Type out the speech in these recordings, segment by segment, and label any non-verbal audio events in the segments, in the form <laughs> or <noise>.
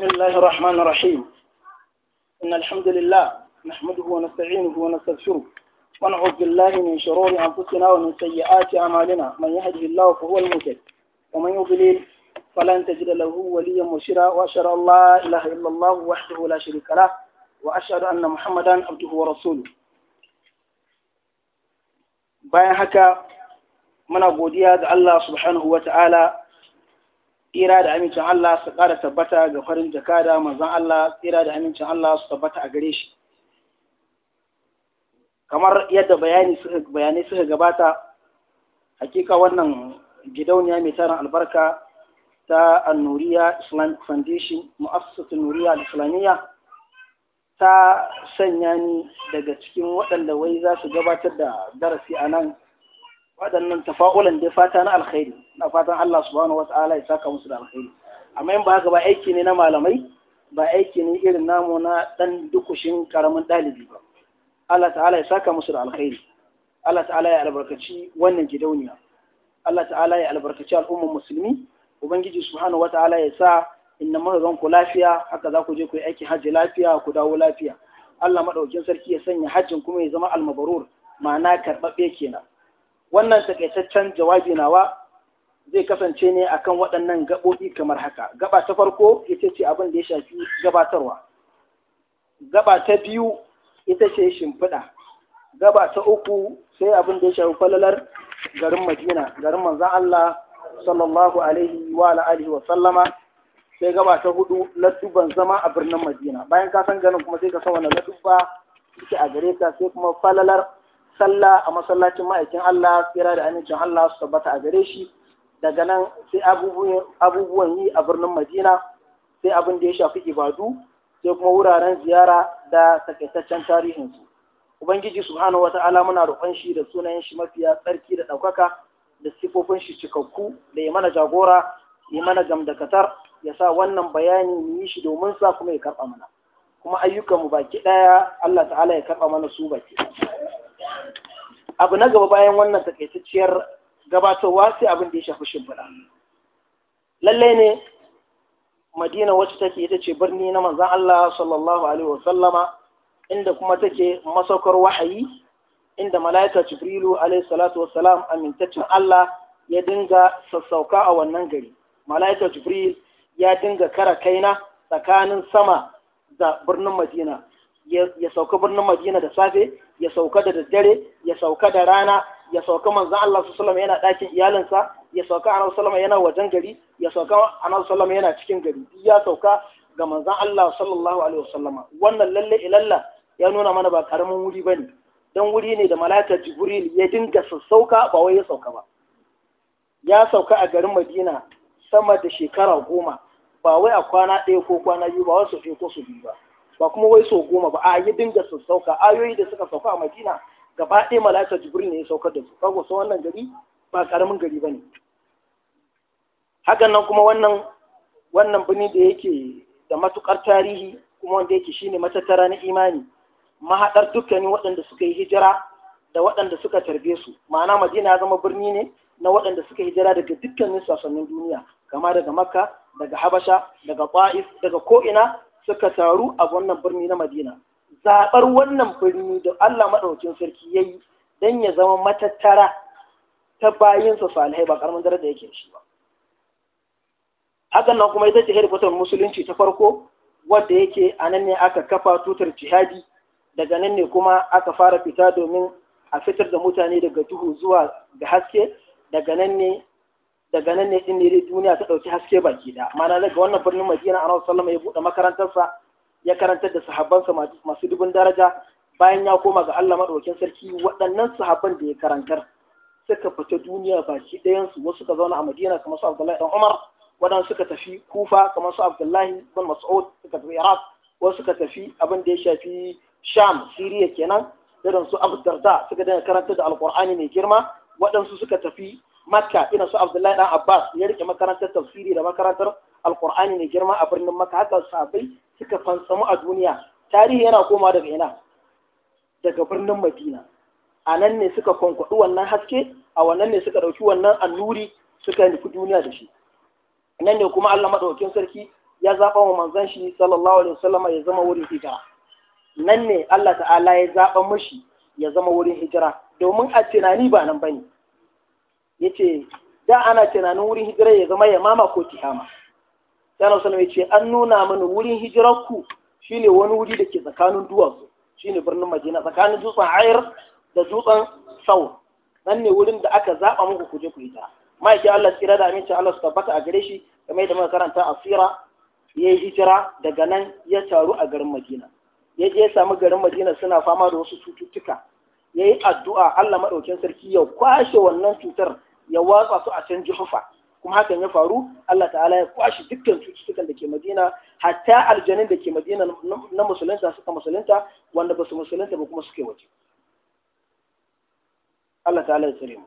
بسم الله الرحمن الرحيم إن الحمد لله نحمده ونستعينه ونستغفره ونعوذ بالله من شرور أنفسنا ومن سيئات أعمالنا من يهده الله فهو المهتد ومن يضلل فلن تجد له وليا مرشدا وأشهد أن لا إله إلا الله وحده لا شريك له وأشهد أن محمدا عبده ورسوله بين هكا من أبو الله سبحانه وتعالى tsira da amincin Allah su ƙara tabbata ga farin jakada mazan Allah tsira da amincin Allah su tabbata a gare shi kamar yadda bayanai suka gabata hakika wannan gidauniya mai tarin albarka ta annuriya islamic foundation mu'assasatu nuriya islamiyya ta sanya ni daga cikin waɗanda wai za su gabatar da darasi a nan waɗannan tafa'ulan da fata na alkhairi na fatan Allah subhanahu wata'ala ya saka musu da alkhairi amma in ba haka ba aiki ne na malamai ba aiki ne irin namu na dan dukushin karamin ɗalibi ba Allah ta'ala ya saka musu da alkhairi Allah ta'ala ya albarkaci wannan gidauniya Allah ta'ala ya albarkaci al'ummar musulmi ubangiji subhanahu ta'ala ya sa inna mazan ku lafiya haka za ku je ku yi aiki hajji lafiya ku dawo lafiya Allah madaukin sarki ya sanya hajjin kuma ya zama almabarur ma'ana karɓaɓɓe kenan wannan takaitaccen jawabi nawa zai kasance ne akan waɗannan gaɓoɓi kamar haka gaba ta farko ita ce abin da ya shafi gabatarwa gaba ta biyu ita ce shimfiɗa gaba ta uku sai abin da ya shafi falalar garin madina garin manzan Allah sallallahu alaihi wa alihi wa sallama sai gaba ta hudu ladduban zama a birnin madina bayan ka san ganin kuma sai ka san wani ladduba ita a gare ka sai kuma falalar sallah a masallacin ma'aikin Allah tsira da amincin Allah su tabbata a gare shi daga nan sai abubuwan yi a birnin Madina sai abin da ya shafi ibadu sai kuma wuraren ziyara da takaitaccen tarihinsu ubangiji subhanahu wata'ala muna roƙon shi da sunayen shi mafiya tsarki da ɗaukaka da sifofin shi cikakku da ya mana jagora ya mana gamdakatar ya sa wannan bayani mu yi shi domin sa kuma ya karɓa mana kuma ayyukanmu baki ɗaya Allah ta'ala ya karɓa mana su baki abu na gaba bayan wannan takaitacciyar gabatowa sai abin da ya shafi shimfiɗa lalle ne madina wacce take ita ce birni na manzan Allah sallallahu alaihi wasallama inda kuma take masaukar wahayi inda mala'ika jibrilu alaihi salatu amintaccen Allah ya dinga sassauka a wannan gari mala'ika jibril ya dinga kara kaina tsakanin sama da birnin madina ya sauka birnin madina da safe ya sauka da daddare ya sauka da rana ya sauka manzan Allah sallallahu alaihi yana ɗakin iyalinsa ya sauka annabi sallallahu yana wajen gari ya sauka annabi sallallahu yana cikin gari ya sauka ga manzon Allah sallallahu alaihi wasallama wannan lalle ilalla ya nuna mana ba karamin wuri bane dan wuri ne da malaka jibril ya dinga sassauka ba wai ya sauka ba ya sauka a garin madina sama da shekara goma ba wai a kwana ɗaya ko kwana biyu ba wasu ɗaya ko su biyu ba ba kuma wai so goma ba a yi dinga su sauka ayoyi da suka sauka a madina gaba ɗaya malaka jibril ne ya saukar da su kago su wannan gari ba karamin gari ba ne hakan nan kuma wannan wannan birni da yake da matukar tarihi kuma wanda yake shine matattara na imani mahaɗar dukkanin waɗanda suka yi hijira da waɗanda suka tarbe su ma'ana madina ya zama birni ne na waɗanda suka hijira daga dukkanin sassanin duniya kama daga makka daga habasha daga ƙwa'is daga ko'ina suka taru a wannan birni na madina zaɓar wannan birni da allah maɗaukin sarki ya yi don ya zama matattara ta bayinsa salihai ba ƙaramin da yake shi ba hakan nan kuma ita ce hedikwatar musulunci ta farko wadda yake a nan ne aka kafa tutar jihadi daga nan ne kuma aka fara fita domin a fitar da mutane daga duhu zuwa ga haske daga nan ne daga nan ne din ne duniya ta dauki haske baki da mana daga wannan birnin Madina a sallama ya buɗe makarantarsa ya karantar da sahabban sa masu dubin daraja bayan ya koma ga Allah madaukin sarki waɗannan sahabban da ya karantar suka fita duniya baki ɗayan su wasu ka zauna a Madina kamar su Abdullahi dan Umar waɗansu suka tafi Kufa kamar su Abdullahi bin Mas'ud suka tafi Iraq wasu suka tafi abin da ya shafi Sham Siriya kenan irin su abdurda suka daina karantar da alqur'ani mai girma waɗansu suka tafi makka ina su abdullahi dan abbas ya rike makarantar tafsiri da makarantar alqur'ani ne girma a birnin makka haka sahabbai suka fansamu a duniya tarihi yana koma daga ina daga birnin madina a nan ne suka kwankwaɗi wannan haske a wannan ne suka ɗauki wannan annuri suka nufi duniya da shi nan ne kuma allah maɗaukin sarki ya zaɓa wa manzon shi sallallahu alaihi wasallama ya zama wurin hijira nan ne allah ta'ala ya zaɓa mashi ya zama wurin hijira domin a tunani ba nan bane Yace da ana tunanin wurin hijira ya zama yamama ko kihama. sai na sallama ya ce an nuna mana wurin hijirarku shine wani wuri da ke tsakanin duwatsu shine birnin madina tsakanin dutsen ayar da dutsen sau nan ne wurin da aka zaɓa muku kuje ku hijira ma'aiki Allah tsira da Aminci Allah su tabbata a gare shi game da makaranta karanta a tsira ya yi hijira daga nan ya taru a garin Madina ya je ya samu garin Madina suna fama da wasu cututtuka ya yi addu'a Allah maɗaukin sarki ya kwashe wannan cutar ya watsa su a can juhufa kuma hakan ya faru Allah ta'ala ya kwashi dukkan cututtukan da ke Madina hatta aljanin da ke Madina na musulunta suka musulunta wanda ba su musulunta ba kuma suke waje Allah ta'ala ya tsare mu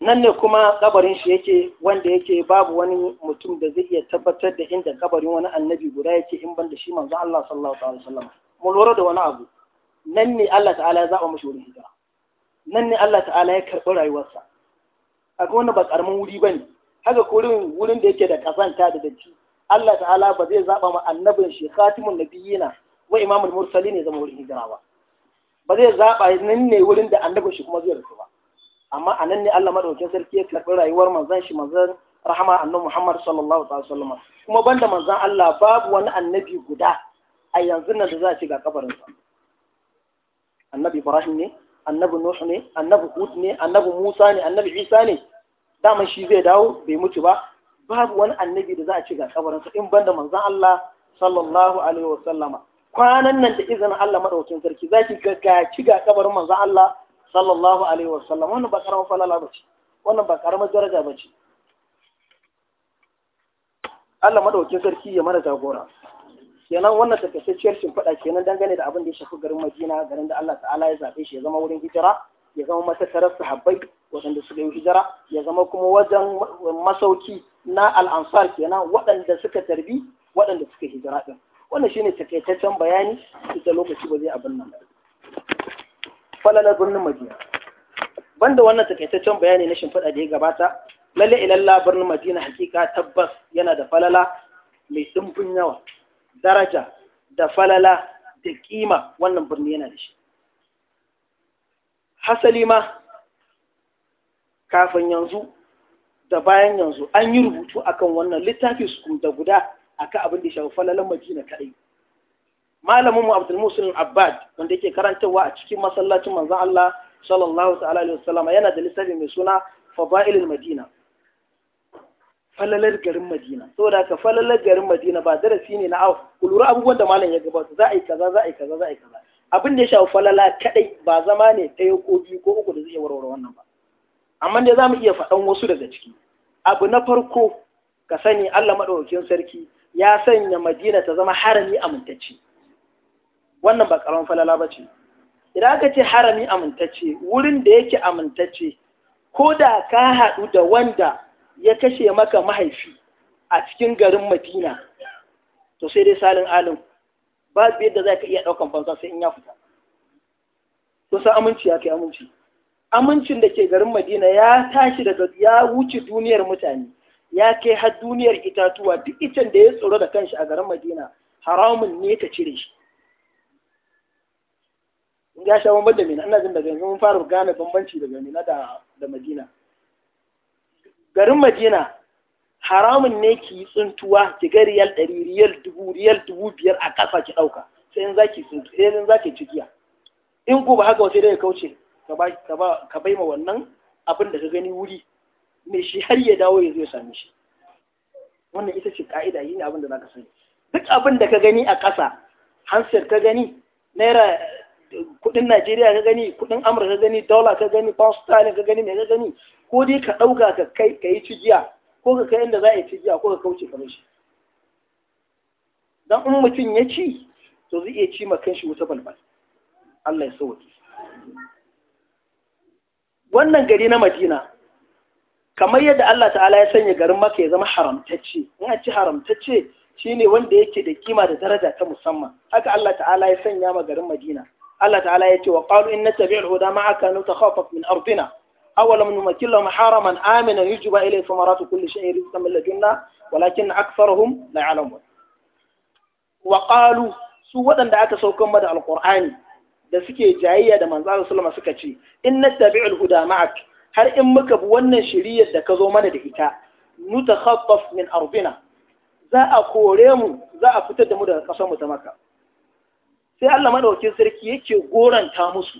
nan ne kuma kabarin shi yake wanda yake babu wani mutum da zai iya tabbatar da inda kabarin wani annabi guda yake in ban da shi manzo Allah sallallahu alaihi wasallam mu lura da wani abu nan ne Allah ta'ala ya zaba mashi wurin hijira nan ne Allah ta'ala ya karɓi rayuwarsa aga wannan ba ƙaramin wuri ba ne haka kurin wurin da yake da kazanta da datti Allah ta'ala ba zai zaɓa ma annabin shi khatimun nabiyina wa imamul mursalin ne zama wurin hijira ba ba zai zaɓa nan ne wurin da annabin shi kuma zai rasu ba amma a nan ne Allah madaukakin sarki ya karɓi rayuwar manzon shi manzon rahama annabi Muhammad sallallahu alaihi wasallam kuma banda manzon Allah babu wani annabi guda a yanzu nan da za a ci ga kabarinsa annabi Ibrahim ne annabi nuhu ne annabi hud ne annabi musa ne annabi isa ne daman shi zai dawo bai mutu ba babu wani annabi da za a ci ga kabarinsa in banda manzon Allah sallallahu alaihi wasallama kwanan nan da izinin Allah madaukin sarki zaki ga ci ga kabarin manzon Allah sallallahu alaihi wasallama. wannan ba karamar falala ba ce wannan ba karamar daraja ba ce Allah madaukin sarki ya mana jagora kenan wannan takaitacciyar shimfiɗa kenan dangane da abin da ya shafi garin Madina garin da Allah ta'ala ya zaɓe shi ya zama wurin hijira ya zama matattarar sahabbai waɗanda suka yi hijira ya zama kuma wajen masauki na al'ansar kenan waɗanda suka tarbi waɗanda suka hijira ɗin wannan shine takaitaccen bayani da lokaci ba zai abin nan falalar birnin Madina banda wannan takaitaccen bayani na shimfiɗa da ya gabata lalle ilalla birnin Madina hakika tabbas yana da falala mai ɗimbin yawa daraja da falala da kima wannan birni yana da shi hasali ma kafin yanzu da bayan yanzu an yi rubutu akan wannan littafi su da guda akan abin da shafi falalan madina kaɗai malamin mu abdul musulun abbad wanda yake karantarwa a cikin masallacin manzan Allah sallallahu ta'ala yana da littafi mai suna fabailul madina falalar garin madina saboda ka falalar garin madina ba darasi ne na awa ku abubuwan da malam ya gabata za a yi kaza za a yi kaza za a yi kaza abin da ya shafi falala kadai ba zama ne ɗaya ko biyu ko uku da zai warware wannan ba amma dai za mu iya faɗan wasu daga ciki abu na farko ka sani Allah madaukakin sarki ya sanya madina ta zama harami amintacce wannan ba karamin falala ba ce idan aka ce harami amintacce wurin da yake amintacce ko da ka haɗu da wanda ya kashe maka mahaifi a cikin garin madina to sai dai salin alim babu yadda za ka iya ɗaukan fansa sai in ya fita kusa aminci ya kai aminci amincin da ke garin madina ya tashi daga ya wuce duniyar mutane ya kai har duniyar itatuwa duk icen da ya tsoro da kanshi a garin madina haramun ne ka cire shi in ga sha bambam da mina ina jin daga yanzu mun fara gane bambanci daga mina da da madina garin madina haramun ne ki yi tsuntuwa ki ga riyal ɗari riyal dubu riyal dubu biyar a ƙasa ki ɗauka sai in zaki tsuntu sai in zaki jigiya in ko ba haka wasu dai kauce ka bai ma wannan abin da ka gani wuri mai shi har ya dawo ya zo ya same shi wannan ita ce ka'ida yi ne abin da zaka sani duk abin da ka gani a ƙasa hansar ka gani naira kudin Najeriya ka gani kudin Amurka ka gani dola ka gani pound sterling ka gani me ka gani ko dai ka dauka ka kai ka yi cijiya ko ka kai inda za a yi cijiya ko ka kauce kamar shi dan in mutum ya ci to zai iya ci ma kanshi wuta balbal Allah ya sauke wannan gari na Madina kamar yadda Allah ta'ala ya sanya garin Makka ya zama haramtacce in a ci haramtacce shine wanda yake da kima da daraja ta musamman haka Allah ta'ala ya sanya ma garin Madina Allah ta'ala ya ce wa in na tabi'ul huda ma aka nu min ardina awala min makilla maharaman amina yujba ilayhi samaratu kulli shay'in rizqan min ladunna walakin aktharuhum la ya'lamun wa qalu su waɗanda aka saukan mada alqur'ani da suke jayayya da manzo Allah sallama suka ce na tabi'ul huda ma'ak har in muka bi wannan shiriyar da ka zo mana da ita nutakhaffaf min ardina za a kore mu za a fitar da mu daga ƙasar mu ta maka sai Allah madaukin sarki yake goranta musu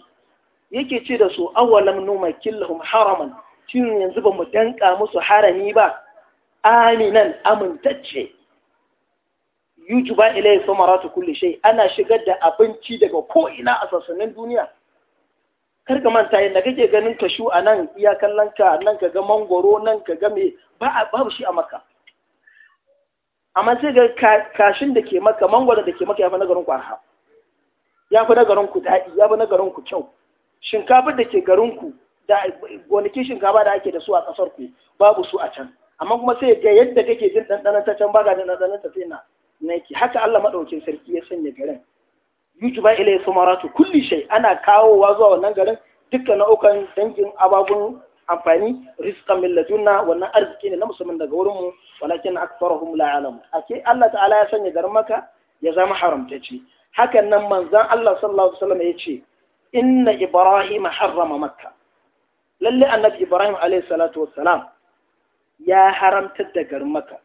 yake ce da su awalam ma lahum haraman shin yanzu ba mu danka musu harami ba aminan amintacce yujuba ilayhi samaratu kulli shay ana shigar da abinci daga ko ina a sassanin duniya karka ka manta yadda kake ganin kashu a nan iya kallon ka nan ka ga mangoro nan ka ga me ba babu shi a maka amma sai ga kashin da ke maka mangoro da ke maka ya fi na garin kwarha ya fi na garinku daɗi ya fi na garinku kyau shinkafar da ke garinku da gonakin shinkafa da ake da su a ƙasar ku babu su a can amma kuma sai ga yadda kake jin ɗanɗanon ta can baka jin ɗanɗanon ta sai na nake haka Allah maɗaukin sarki ya sanya garin yujuba ilai sumaratu kulli shai ana kawowa zuwa wannan garin dukkan nau'ukan dangin ababun amfani rizqan min ladunna wannan arziki ne na musamman daga wurin mu walakin aktharuhum la ya'lamu ake Allah ta'ala ya sanya garin maka ya zama haramtacce hakan nan manzan Allah sallallahu alaihi wasallam ya ce inna ibrahim harrama makka lalle annabi ibrahim alaihi salatu wassalam ya haramtar da garin makka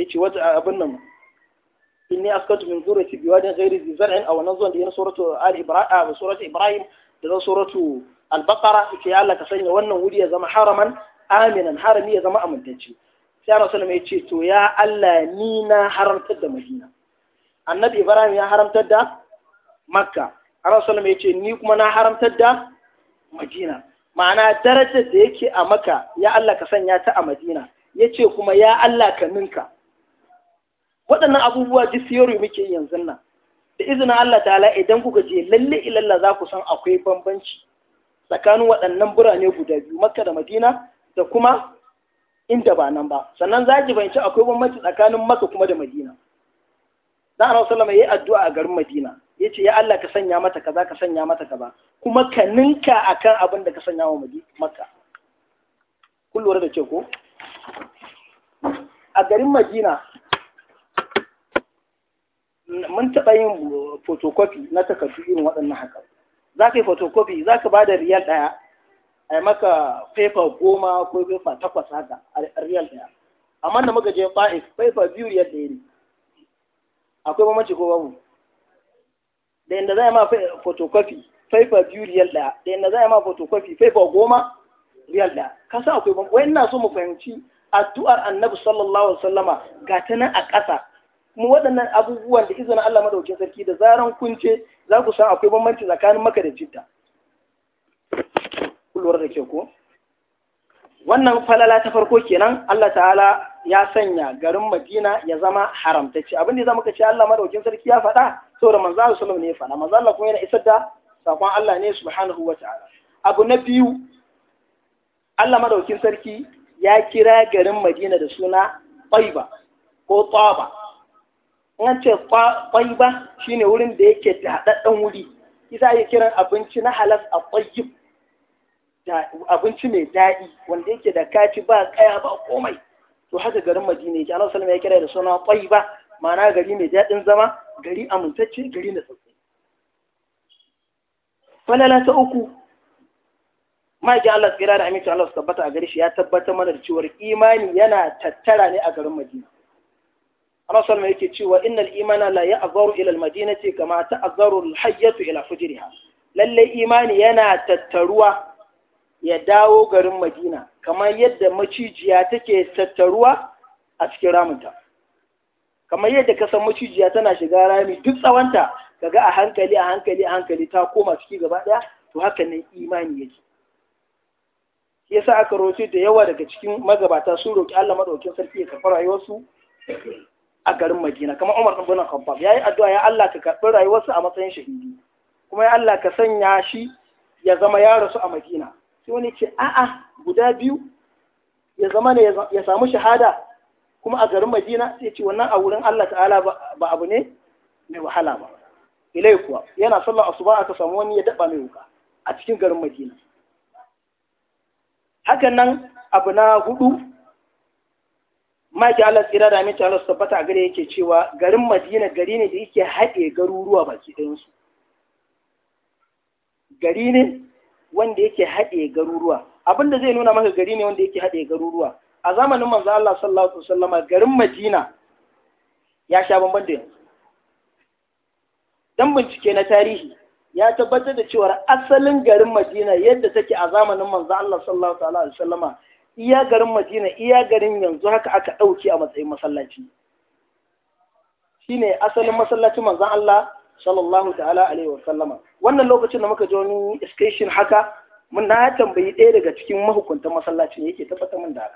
yace wata abin nan inni askatu min zurriyati biwadin ghairi zi zar'in aw nazwan li suratu al ibrahim ah, suratu ibrahim da suratu al baqara yace ya Allah ka sanya wannan wuri ya zama haraman aminan harami ya zama amintacce sai Rasulullah ya ce to ya Allah ni na haramtar da Madina annabi ibrahim ya haramtar da makka arasulun ya ce ni kuma na haramtar da madina ma'ana daraja da yake a Makka ya Allah ka sanya ta a madina ya ce kuma ya Allah ka ninka waɗannan abubuwa ji siyori muke yanzu nan da izinin Allah ta'ala idan kuka je lalle ilalla za ku san akwai bambanci tsakanin waɗannan birane guda biyu makka da madina da kuma inda ba nan ba sannan za ki fahimci akwai bambanci tsakanin makka kuma da madina da Allah ya yi addu'a a garin Madina yace ya Allah ka sanya mata kaza ka sanya mata kaza kuma ka ninka akan abin da ka sanya wa Makka kun da ke ko a garin Madina mun taɓa yin photocopy na takardu irin waɗannan haka za ka yi photocopy za ka ba da riyal ɗaya a maka paper goma ko paper takwas haka a riyal ɗaya amma da muka je ba'if paper biyu riyal ɗaya ne akwai mamaci ko babu da yadda za a ma fotokofi faifa biyu riyal ɗaya da yadda za a ma fotokofi faifa goma riyal ɗaya kasa akwai bambanci wai ina so mu fahimci addu'ar annabi sallallahu alaihi sallama ga ta nan a ƙasa kuma waɗannan abubuwan da izinin Allah madaukin sarki da zaran kun ce za ku san akwai bambanci tsakanin maka da jidda kulwar da ke ko wannan falala ta farko kenan Allah ta'ala ya sanya garin Madina ya zama haramtacce abin da za muka ce Allah madaukin sarki ya faɗa saboda manzo Allah sallallahu ne ya faɗa manzo Allah kuma yana isar da sakon Allah ne subhanahu wataala abu na biyu Allah madaukin sarki ya kira garin Madina da suna Taiba ko Taba an ce Taiba shine wurin da yake da hadaddan wuri isa ya kiran abinci na halas a Tayyib abinci mai daɗi wanda yake da kaci ba kaya ba komai to haka garin madina yake annabi sallallahu ya kira da suna tayyiba ma'ana gari mai daɗin zama gari amintacce gari na tsatsi falala ta uku ma'aikin Allah kira da amincin Allah su tabbata a gari shi ya tabbatar mana da cewar imani yana tattara ne a garin madina Allah sallallahu yake cewa innal imana la ya'zaru ila al ce, kama ta'zaru al-hayyatu ila fujriha lalle imani yana tattaruwa ya dawo garin madina kamar yadda macijiya take tattaruwa a cikin ramunta kamar yadda kasan macijiya tana shiga rami duk tsawonta kaga a hankali a hankali a hankali ta koma ciki gaba daya to haka nan imani yake yasa aka roce da yawa daga cikin magabata sun roƙi Allah madaukakin sarki ya karɓi rayuwarsu a garin Madina kamar Umar ibn Khattab yayi addu'a ya Allah ka karɓi rayuwarsu a matsayin shahidi kuma ya Allah ka sanya shi ya zama ya rasu a Madina sai wani ce a'a guda biyu ya zama ne ya samu shahada kuma a garin Madina sai ce wannan a wurin Allah ta'ala ba abu ne mai wahala ba ilai kuwa yana sallar asuba aka samu wani ya daba mai wuka a cikin garin Madina hakan nan abu na hudu maki Allah tsira da aminci Allah su tabbata a gare yake cewa garin Madina gari ne da yake haɗe garuruwa baki ɗayansu gari ne wanda yake haɗe garuruwa abin da zai nuna maka gari ne wanda yake haɗe garuruwa a zamanin manzo Allah sallallahu alaihi wasallam garin Madina ya sha bamban da yanzu dan bincike na tarihi ya tabbatar da cewa asalin garin Madina yadda take a zamanin manzo Allah sallallahu alaihi wasallam iya garin Madina iya garin yanzu haka aka dauke a matsayin masallaci shine asalin masallacin manzo Allah sallallahu ta'ala alaihi wa sallama wannan lokacin da muka je wani station haka mun na tambayi ɗaya daga cikin mahukuntan masallacin yake tabbata min da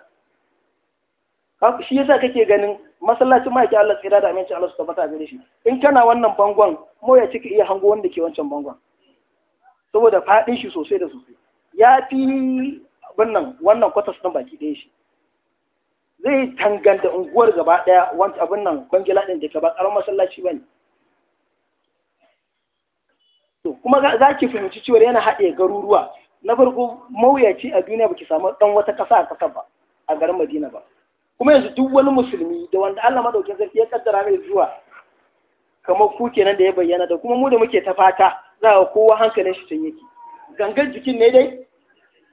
haka shi yasa kake ganin masallacin ma yake Allah tsira da aminci Allah su tabbata gare shi in kana wannan bangon mu ya cika iya hango wanda ke wancan bangon saboda faɗin shi sosai da sosai ya fi nan wannan kwatas din baki ɗaya shi zai tanganta unguwar gaba ɗaya wancan abin nan kwangila ɗin da ka ba ƙaramin masallaci ba ne to kuma za ki fahimci cewa yana haɗe garuruwa na farko mawuyaci a duniya baki samu dan wata ƙasa a ƙasa ba a garin Madina ba kuma yanzu duk wani musulmi da wanda Allah madaukakin sarki ya kaddara mai zuwa kamar ku kenan da ya bayyana da kuma mu da muke ta fata za ga kowa hankalin shi can yake gangar jikin ne dai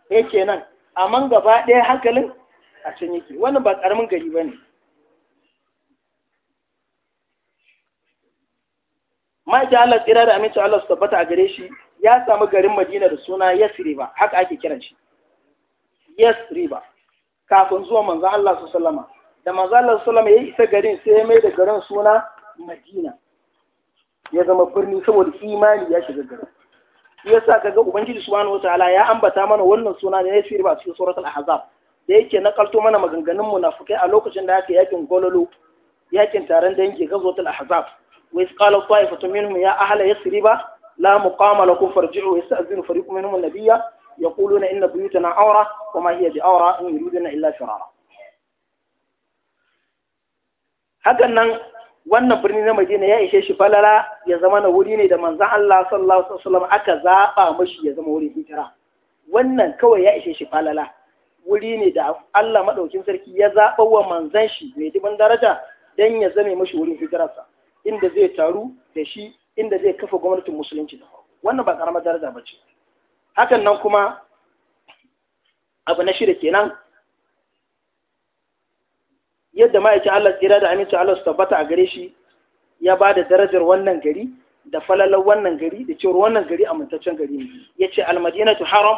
yake eh, nan amma gaba ɗaya hankalin a can yake wannan ba karamin gari ba ne. ma'aikin Allah tsira da aminci Allah su tabbata a gare shi ya samu garin Madina da suna Yasriba haka ake kiran shi Yasriba kafin zuwa manzo Allah su sallama da manzo Allah su sallama ya isa garin sai ya mai da garin suna Madina ya zama birni saboda imani ya shiga garin yasa kaga ubangiji subhanahu wataala ya ambata mana wannan suna ne Yasriba a cikin suratul ahzab da yake kalto mana maganganun munafukai a lokacin da aka yakin gololo yakin taron dangi gazotul ahzab وإذ قال طائفة منهم يا أهل يثرب لا مقام لكم فارجعوا يستأذن فريق منهم النبي يقولون إن بيوتنا عورة وما هي بعورة إن يريدون إلا فرارا hakan nan wannan birni na Madina ya ishe shi falala ya zama na wuri ne da manzan Allah sallallahu alaihi wasallam aka zaba mashi ya zama wurin hijira wannan kawai ya ishe shi falala wuri ne da Allah madaukin sarki ya zaba wa manzan shi mai dibin daraja dan ya zame mashi wurin hijirarsa inda zai taru da shi inda zai kafa gwamnatin musulunci da wannan ba karamar daraja ba ce hakan nan kuma abu na shirya kenan yadda ma'aikin Allah tsira da aminci Allah su tabbata a gare shi ya ba da darajar wannan gari da falalar wannan gari da cewar wannan gari amintaccen gari ne ya ce almadinatu haram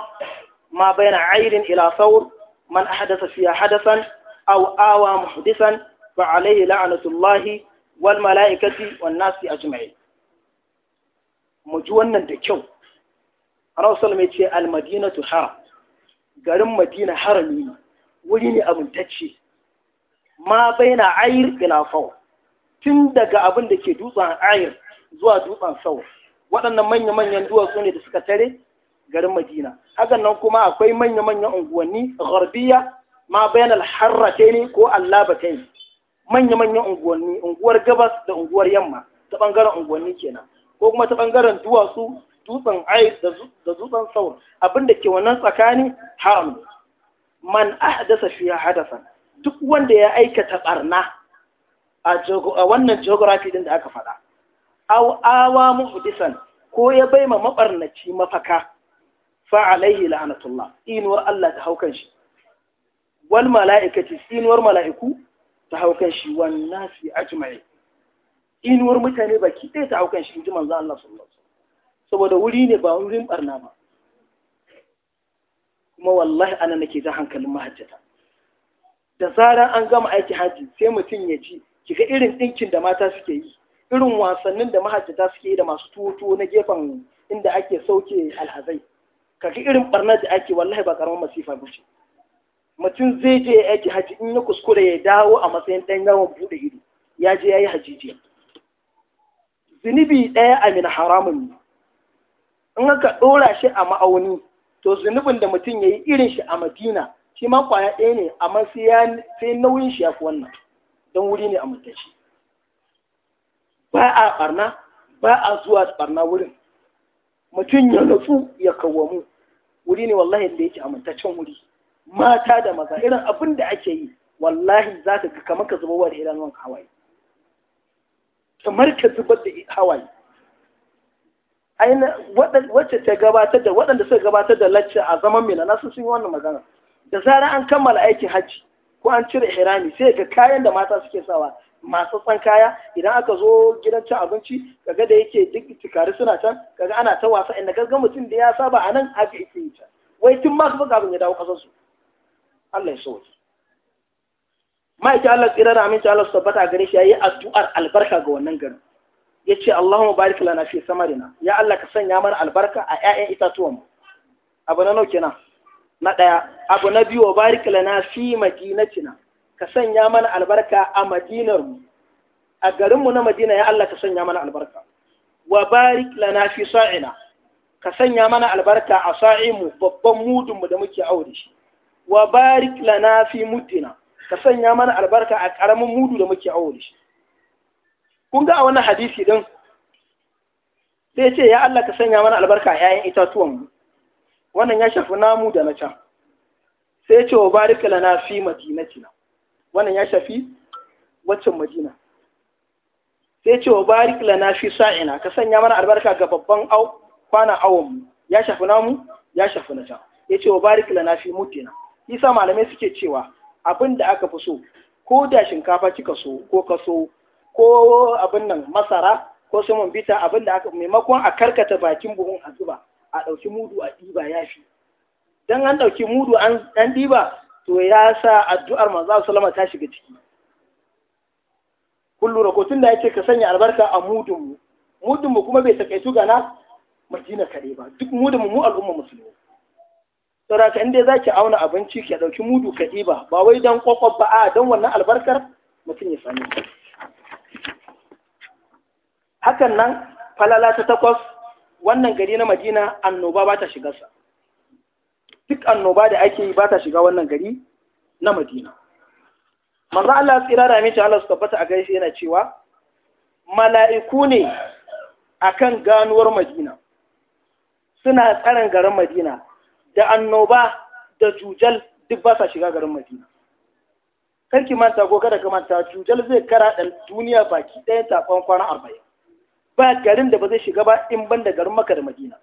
ma bayana ayrin ila saur man ahdasa fiya hadasan aw awa muhdisan fa alayhi la'anatullahi wal mala'ikati wan nasi ajma'in mu ji wannan da kyau rasul mai ce al madinatu haram garin madina harami ne wuri ne amintacce ma baina ayir ila tun daga abin da ke dutsen ayir zuwa dutsen sau waɗannan manya-manyan duwatsu ne da suka tare garin madina hakan nan kuma akwai manya-manyan unguwanni gharbiya ma bayan alharrate ko allabata manya-manyan unguwanni unguwar gabas da unguwar yamma ta bangaren unguwanni kenan ko kuma ta bangaren duwatsu dutsen ais da dutsen saur abinda ke wannan tsakani haram man ahdasa fiya hadasa duk wanda ya aikata barna a wannan geography din da aka faɗa aw awa muhdisan ko ya bai ma mabarnaci mafaka fa alaihi la'anatullah inuwar Allah ta haukan shi wal mala'ikati inuwar mala'iku ta hau kan shi wannan fi ajmai inuwar mutane baki ɗaya ta hau kan shi inji manzo Allah sallallahu alaihi saboda wuri ne ba wurin barna ba kuma wallahi ana nake ta hankalin mahajjata da zaran an gama aiki haji sai mutum ya ji ga irin ɗinkin da mata suke yi irin wasannin da mahajjata suke yi da masu tuwo na gefen inda ake sauke alhazai ga irin barnar da ake wallahi ba ƙaramin masifa ba ce mutum zai je ya yaki haji in ya kuskure ya dawo a matsayin ɗan yawon buɗe ido ya je ya yi jiya. zunubi ɗaya a min haramun ne in aka ɗora shi a ma'auni to zunubin da mutum ya yi irin shi a madina shi ma kwaya ɗaya ne amma sai nauyin shi ya fi wannan don wuri ne a mutaci ba a ɓarna ba a zuwa ɓarna wurin mutum ya nutsu ya kawo mu, wuri ne wallahi da yake amintaccen wuri mata da maza irin abin da ake yi wallahi za ka ga kamar ka wa da idanuwan hawaye kamar ka zubar da hawaye aina wacce ta gabatar da waɗanda suka gabatar da lacce a zaman mina na sun yi wannan magana da zarar an kammala aikin hajji ko an cire hirami sai ga kayan da mata suke sawa masu tsan kaya idan aka zo gidan cin abinci kaga da yake duk tikari suna can kaga ana ta wasa inda kaga mutum da ya saba a nan haka yake yi can wai tun ma su abin ya dawo kasar su Allah ya sauke ma'aikin Allah tsira da aminci Allah su tabbata gare shi yayi addu'ar albarka ga wannan garin yace Allahumma barik lana fi samarina ya Allah ka sanya mana albarka a ƴaƴan itatuwan mu abu na nauke na na daya abu na biyu barik lana fi madinatina ka sanya mana albarka a madinar mu a garin mu na Madina ya Allah ka sanya mana albarka wa barik lana fi sa'ina ka sanya mana albarka a sa'imu babban mudun mu da muke aure shi wa barik lana fi muddina ka sanya mana albarka a ƙaramin mudu da muke awo da shi kun ga a wannan hadisi din sai ce ya Allah ka sanya mana albarka a 'ya'yan itatuwan mu wannan ya shafi namu da na can sai ce wa barik lana fi madinatina wannan ya shafi waccan madina sai ce wa barik lana fi sa'ina ka sanya mana albarka ga babban au, kwana awon mu ya shafi namu ya shafi na can ya ce wa barik lana fi mutina isa malamai suke cewa abin da aka fi so ko da shinkafa kika so ko ka so ko abin nan masara ko saman bita abin da aka maimakon a karkata bakin buhun a zuba a ɗauki mudu a ɗiba ya fi dan an ɗauki mudu an ɗiba to ya sa addu'ar manzo sallama ta shiga ciki kullu rakotun da yake ka sanya albarka a mudun mu mudun mu kuma bai takaitu ga na Madina kare ba duk mudun mu al'umma musulmi saboda inda za zaki auna abinci ki dauki mudu ka ɗiba ba wai dan kwakwab ba a dan wannan albarkar mutum ya sani hakan nan falala ta takwas wannan gari na madina annoba ba ta shiga sa duk annoba da ake yi ba ta shiga wannan gari na madina manzo Allah tsira da Allah su tabbata a gaishe yana cewa mala'iku ne akan ganuwar madina suna tsaron garin madina da annoba da jujal duk ba sa shiga garin madina kar ki manta ko kada ka manta jujal zai kara da duniya baki ɗaya ta kwana arba'in ba garin da ba zai shiga ba in ban da garin makka da madina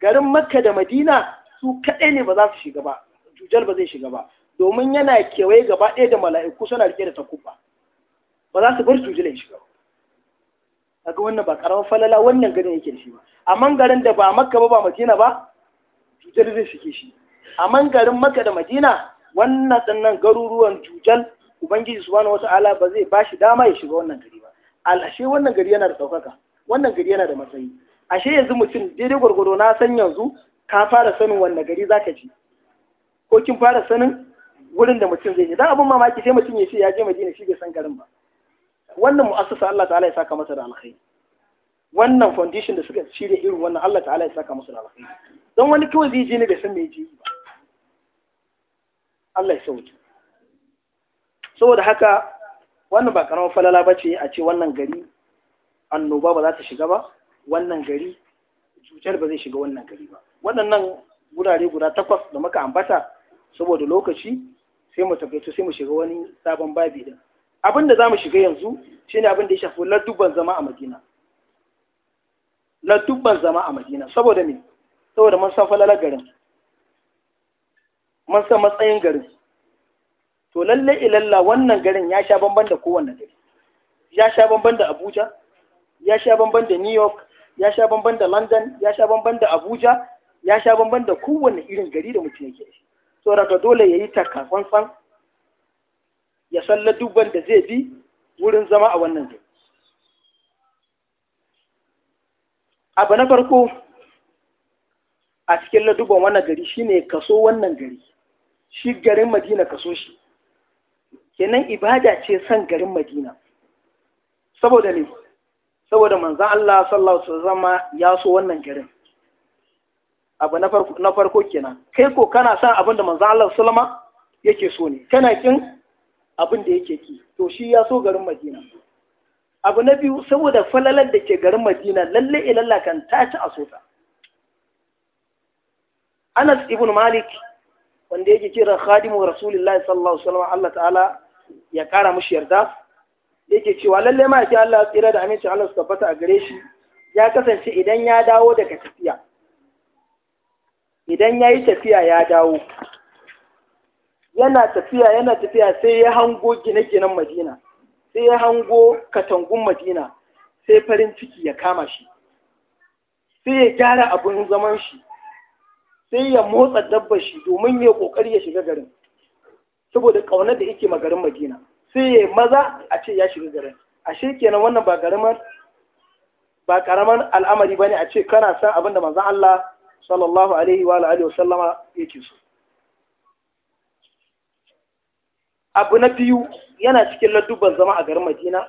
garin makka da madina su kaɗai ne ba za su shiga ba jujal ba zai shiga ba domin yana kewaye gaba ɗaya da mala'iku suna rike da takuba ba za su bar jujila ya shiga ba ga wannan ba karamar falala wannan garin yake da shi ba amma garin da ba makka ba ba madina ba jujal zai shige shi man garin maka da madina wannan ɗannan garuruwan jujal ubangiji su wasu ala ba zai ba shi dama ya shiga wannan gari ba alashe wannan gari yana da ɗaukaka wannan gari yana da matsayi ashe yanzu mutum daidai gwargwado na san yanzu ka fara sanin wanne gari ka je ko kin fara sanin wurin da mutum zai je dan abin mamaki sai mutum ya ce ya je madina shi bai san garin ba wannan mu'assasa Allah ta'ala ya saka masa da alkhairi wannan foundation da suka shirya irin wannan Allah ta'ala ya saka masa da alkhairi don wani kawai zai je ne bai san me je ba Allah ya sa sauke saboda haka wannan ba karamar falala ba ce a ce wannan gari annoba ba za ta shiga ba wannan gari cutar ba zai shiga wannan gari ba waɗannan wurare guda takwas da muka ambata saboda lokaci sai mu tafaito sai mu shiga wani sabon babi din abin da za mu shiga yanzu shine abin da ya shafi ladubban zama a madina ladubban zama a madina saboda me saboda mun san falalar garin mun san matsayin garin to lalle ilalla wannan garin ya sha bamban da kowanne gari ya sha bamban da Abuja ya sha bamban da New York ya sha bamban da London ya sha bamban da Abuja ya sha bamban da kowanne irin gari da mutum yake shi so daga dole yayi taka tsantsan ya salla dubban da zai bi wurin zama a wannan gari abu na farko a cikin laduban wannan gari shine kaso wannan gari shi garin madina kaso shi kenan ibada ce san garin madina saboda ne saboda manzan Allah sallallahu alaihi wasallam ya so wannan garin abu na farko na farko kenan kai ko kana san abin da manzan Allah sallama yake so ne kana kin abin da yake ki to shi ya so garin madina abu na biyu saboda falalar da ke garin madina lalle ilalla kan ta ci a sota Anas ibn Malik wanda yake kira khadimu Rasulullahi sallallahu alaihi wasallam Allah ta'ala ya kara mushi yarda yake cewa lalle ma ki Allah tsira da aminci Allah su tabbata a gare shi ya kasance idan ya dawo daga tafiya idan ya yi tafiya ya dawo yana tafiya yana tafiya sai ya hango gine-ginen Madina sai ya hango katangun Madina sai farin ciki ya kama shi sai ya gyara abin zaman shi sai ya motsa dabba shi domin ya kokari ya shiga garin saboda ƙaunar da yake garin Madina sai ya maza a ce ya shiga garin ashe kenan wannan ba garaman ba karaman al'amari bane a ce kana san abin da manzon Allah sallallahu alaihi wa alihi wasallama yake so abu na biyu yana cikin ladduban zama a garin Madina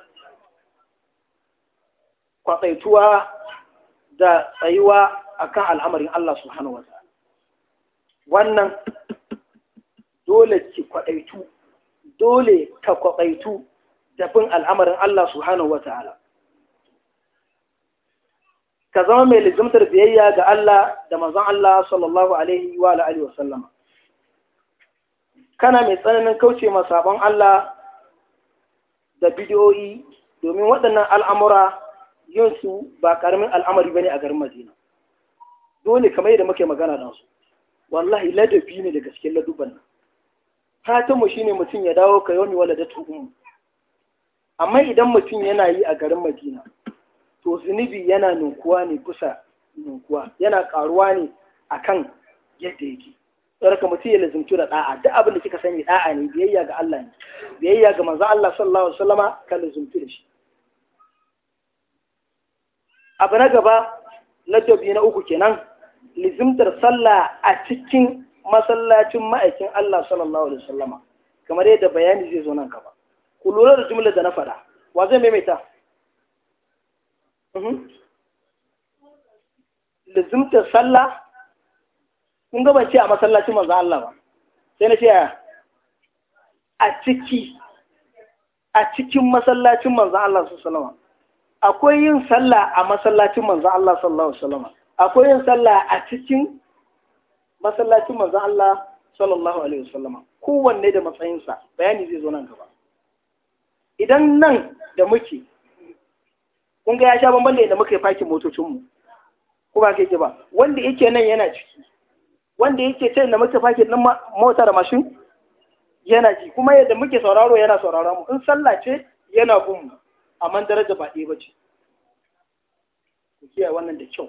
kwatsaituwa da tsayuwa akan al'amarin Allah subhanahu wa ta'ala wannan dole ki kwaɗaitu dole ka kwaɗaitu da bin al'amarin Allah subhanahu wa ka zama mai lizimtar biyayya ga Allah da manzon Allah sallallahu alaihi wa alihi wa sallama kana mai tsananin kauce ma sabon Allah da bidiyoyi domin waɗannan al'amura yin su ba ƙaramin al'amari bane a garin Madina dole kamar yadda muke magana da su wallahi ladabi ne da gaske laduban nan fatanmu shine mutum ya dawo ka yomi da ummu amma idan mutum yana yi a garin madina to zunubi yana ninkuwa ne kusa ninkuwa yana karuwa ne akan yadda yake tsarka mutum ya lazimtu da da'a duk abin da kika sani da'a ne biyayya ga Allah ne biyayya ga manzo Allah sallallahu alaihi wasallama ka lazimtu da shi abu na gaba ladabi na uku kenan lizimtar sallah a cikin masallacin ma'aikin Allah sallallahu alaihi wasallama kamar yadda bayani zai zo nan gaba ku lura da jumlar da na faɗa wa zai maimaita mhm. lizimtar sallah kun gaba ce a masallacin manzo Allah ba sai na ce a ciki a cikin masallacin manzo Allah sallallahu alaihi wasallama akwai yin sallah a masallacin manzo Allah sallallahu alaihi wasallama akwai yin sallah a cikin masallacin manzon Allah sallallahu alaihi wasallam kowanne da matsayinsa bayani zai zo nan gaba idan nan da muke kun ga ya sha bambam da muka yi fakin motocinmu ko ba kai ba wanda yake nan yana ciki wanda yake can da muka fakin nan mota da mashin yana ji kuma yadda muke sauraro yana sauraro mu in sallah ce yana gunmu a amma daraja ba ɗaya ba ce ku kiyaye wannan da kyau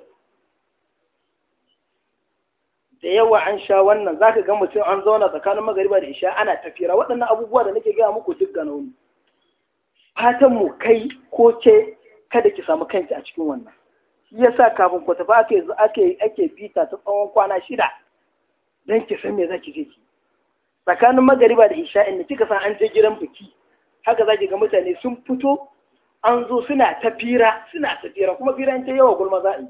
da yawa an sha wannan zaka ga mutum an zauna tsakanin magariba da isha ana tafira waɗannan abubuwa da nake gaya muku duk gano ne fatan mu kai ko ce kada ki samu kanki a cikin wannan shi yasa kafin ku tafi ake ake ake bita ta tsawon kwana shida dan ki san me zaki je ki tsakanin magariba da isha inda kika san an je gidan biki haka zaki ga mutane sun fito an zo suna tafira suna tafira kuma firan ta yawa gulma za'i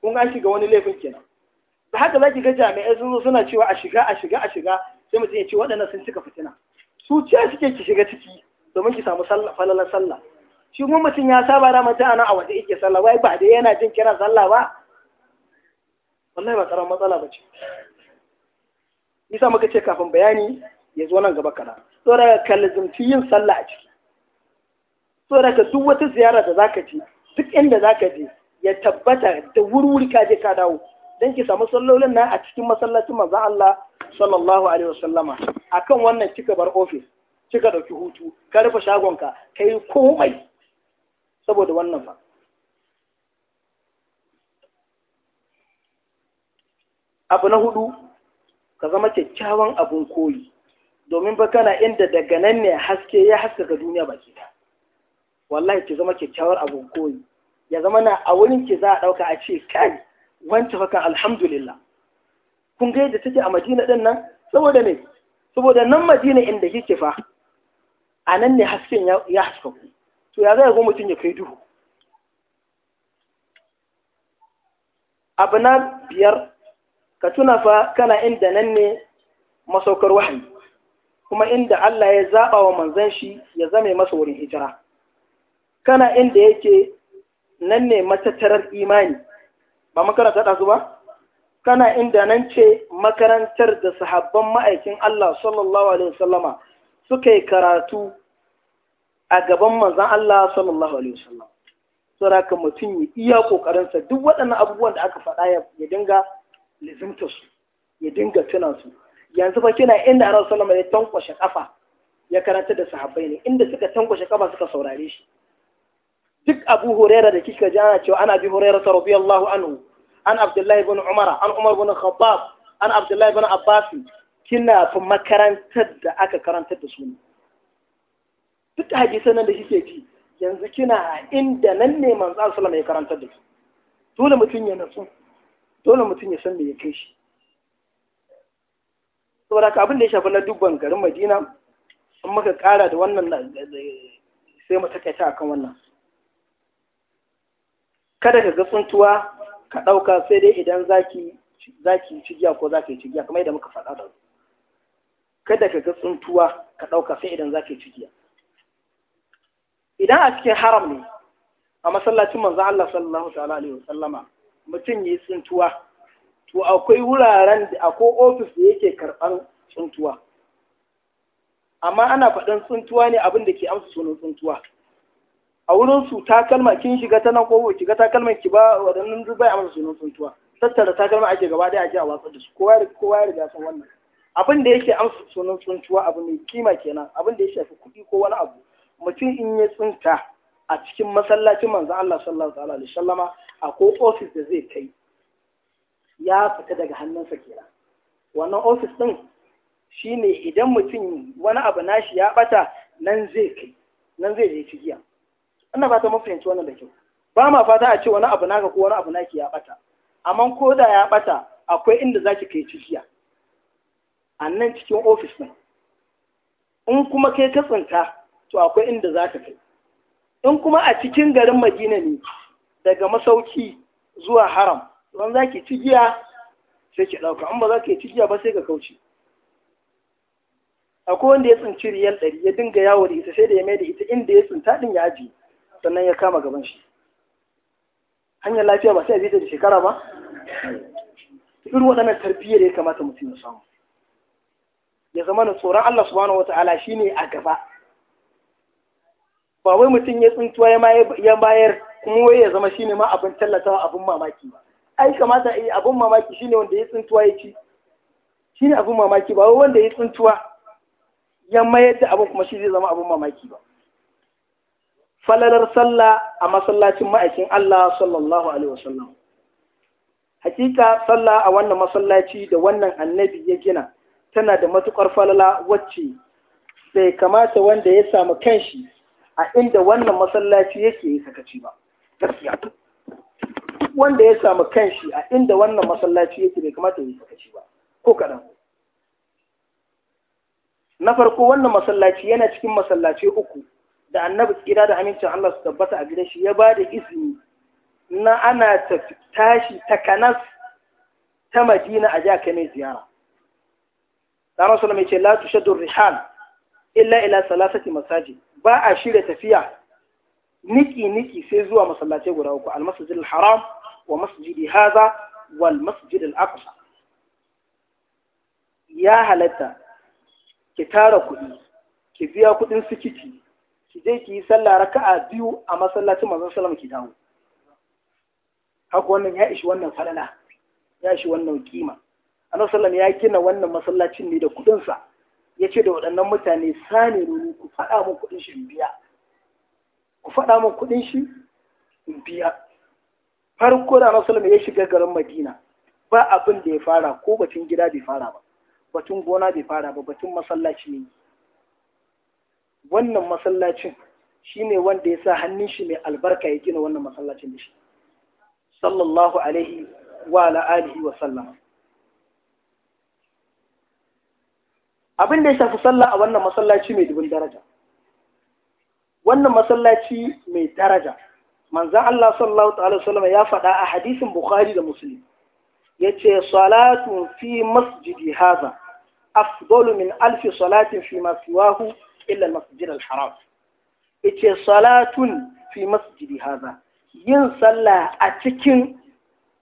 kun ga shiga wani laifin kenan Ba haka za ki ga jami'ai sun zo suna cewa a shiga a shiga a shiga sai mutum ya ce waɗannan sun cika fitina su ce suke ki shiga ciki domin ki samu falalar sallah shi kuma mutum ya saba da mutum ana a waje yake sallah wai ba dai yana jin kiran sallah ba wallahi ba karan matsala ba ce nisa muka ce kafin bayani ya zo nan gaba kana so daga kalzumci yin sallah a ciki so daga duk wata ziyara da zaka je duk inda zaka je ya tabbata da wuri-wuri ka je ka dawo don ki samu sallolin na a cikin masallacin manzo Allah sallallahu alaihi wasallama akan wannan kika bar office kika dauki hutu ka rufe shagonka kai komai saboda wannan fa abu na hudu ka zama kyakkyawan abun koyi domin ba kana inda daga nan ne haske ya haskaka duniya baki ta wallahi ki zama kyakkyawar abun koyi ya zama na a wurin ki za a dauka a ce kai wancan haka alhamdulillah kun ga yadda take a madina din nan saboda ne saboda nan madina inda kike fa a nan ne hasken ya haska ku to ya zai mutum ya kai duhu abu na biyar ka tuna fa kana inda nan ne masaukar wahayi kuma inda Allah ya zaɓa wa manzan shi ya zame masa wurin hijira kana inda yake nan ne matattarar imani ba makaranta ɗasu ba kana inda nan ce makarantar da sahabban ma'aikin Allah sallallahu alaihi wasallama suka yi karatu a gaban manzan Allah sallallahu alaihi Wasallama. Sura ka mutum ya iya ƙoƙarinsa duk waɗannan abubuwan da aka faɗa ya dinga lizimta su ya dinga tuna su yanzu ba kina inda Allah sallallahu alaihi ya tankwashe kafa ya karanta da sahabbai ne inda suka tankwashe kafa suka saurare shi duk abu huraira da kika ji ana cewa ana bi huraira sa radiyallahu anhu an abdullahi bin umara an umar bin khattab an abdullahi bin abbas kina fi makarantar da aka karantar da su duk da hadisan nan da kike ji yanzu kina inda nan ne manzo sallallahu ya karantar da su dole mutum ya nasu dole mutum ya san me ya kai shi saboda ka abin da ya shafi na dubban garin Madina in muka kara da wannan eh, eh, sai mu takaita akan wannan kada ka ga tsuntuwa ka ɗauka sai dai idan ki yi cigiya ko za yi cigiya kamar yadda muka faɗa da kada ka ga tsuntuwa ka ɗauka sai idan za yi cigiya idan a cikin haram ne a masallacin manzo Allah sallallahu ta'ala alaihi sallama mutum yi tsuntuwa to akwai wuraren da akwai ofis da yake karɓar tsuntuwa amma ana faɗin tsuntuwa ne abin da ke amsa sunan tsuntuwa a wurin su takalma kin shiga ta nan ko shiga takalma ki ba waɗannan duk bai amsa sunan tuntuwa tattara takalma ake gaba dai ake a watsar da su kowa ya kowa ya riga san wannan abin da yake amsa sunan tuntuwa abu mai kima kenan abin da ya shafi kuɗi ko wani abu mutum in ya tsinta a cikin masallacin manzo Allah sallallahu alaihi sallama a ko office da zai kai ya fita daga hannunsa kenan wannan office din shine idan mutum wani abu nashi ya bata nan zai kai nan zai je cikiya ina fata mun fahimci wannan da kyau ba ma fata a ce wani abu naka ko wani abu naki ya bata amma ko da ya bata akwai inda zaki kai cikiya a nan cikin ofis ne. in kuma kai ka tsinka to akwai inda za ka kai in kuma a cikin garin madina ne daga masauki zuwa haram don zaki cikiya sai ki ɗauka In ba za ka yi ba sai ka kauce akwai wanda ya tsinci riyal ɗari ya dinga yawo da ita sai da ya mai da ita inda ya tsinta din ya ajiye sannan ya kama gaban shi hanyar lafiya ba sai a bi da shekara ba irin waɗannan tarbiyya da ya kamata mutum ya samu ya zama da tsoron Allah subhanahu wata'ala ne a gaba ba wai mutum ya tsintuwa ya bayar kuma wai ya zama shi ne ma abin tallatawa abin mamaki ba ai kamata yi abin mamaki shi ne wanda ya tsintuwa ya ci Shi ne abin mamaki ba wai wanda ya tsintuwa ya mayar da abin kuma shi zai zama abin mamaki ba falalar sallah a masallacin ma'aikin Allah sallallahu alaihi wasallam hakika sallah a wannan masallaci da wannan annabi ya gina tana da matukar falala wacce bai kamata wanda ya samu kanshi a inda wannan masallaci yake yi sakaci ba gaskiya wanda ya samu kanshi a inda wannan masallaci yake bai kamata yi sakaci ba ko kaɗan na farko wannan masallaci yana cikin masallaci uku da annabi tsira da amincin Allah su tabbata a gidan shi ya ba da izini na ana tashi takanas ta madina a ja kai mai ziyara da rasu mai ce la tushaddu rihal illa ila salasati masajid ba a shirya tafiya niki niki sai zuwa masallatai guda uku al masjid al haram wa masjidi haza wal masjid al aqsa ya halatta ki tara kuɗi ki biya kuɗin sikiti ki je ki yi sallah raka'a biyu a masallacin manzon sallama ki dawo haka wannan ya ishi wannan falala ya ishi wannan kima annabi sallam ya gina wannan masallacin ne da kudin sa yace da waɗannan mutane sani ruru ku faɗa mun kudin shi biya ku faɗa mun kudin shi biya farko da annabi sallam ya shiga garin Madina ba abin da ya fara ko batun gida bai fara ba batun gona bai fara ba batun masallaci ne wannan masallacin shi ne wanda ya sa hannun shi mai albarka ya gina wannan masallacin da shi sallallahu alaihi wa ala wa sallam abin da ya shafi sallah a wannan masallaci mai dubin daraja wannan masallaci mai daraja manzan Allah sallallahu ta'ala sallama ya faɗa a hadisin Bukhari da Musulmi. ya ce salatun fi masjidi haza afdalu min alfi salatin fi masiwahu illa masjid al-haram salatun fi masjidi haza yin sallah a cikin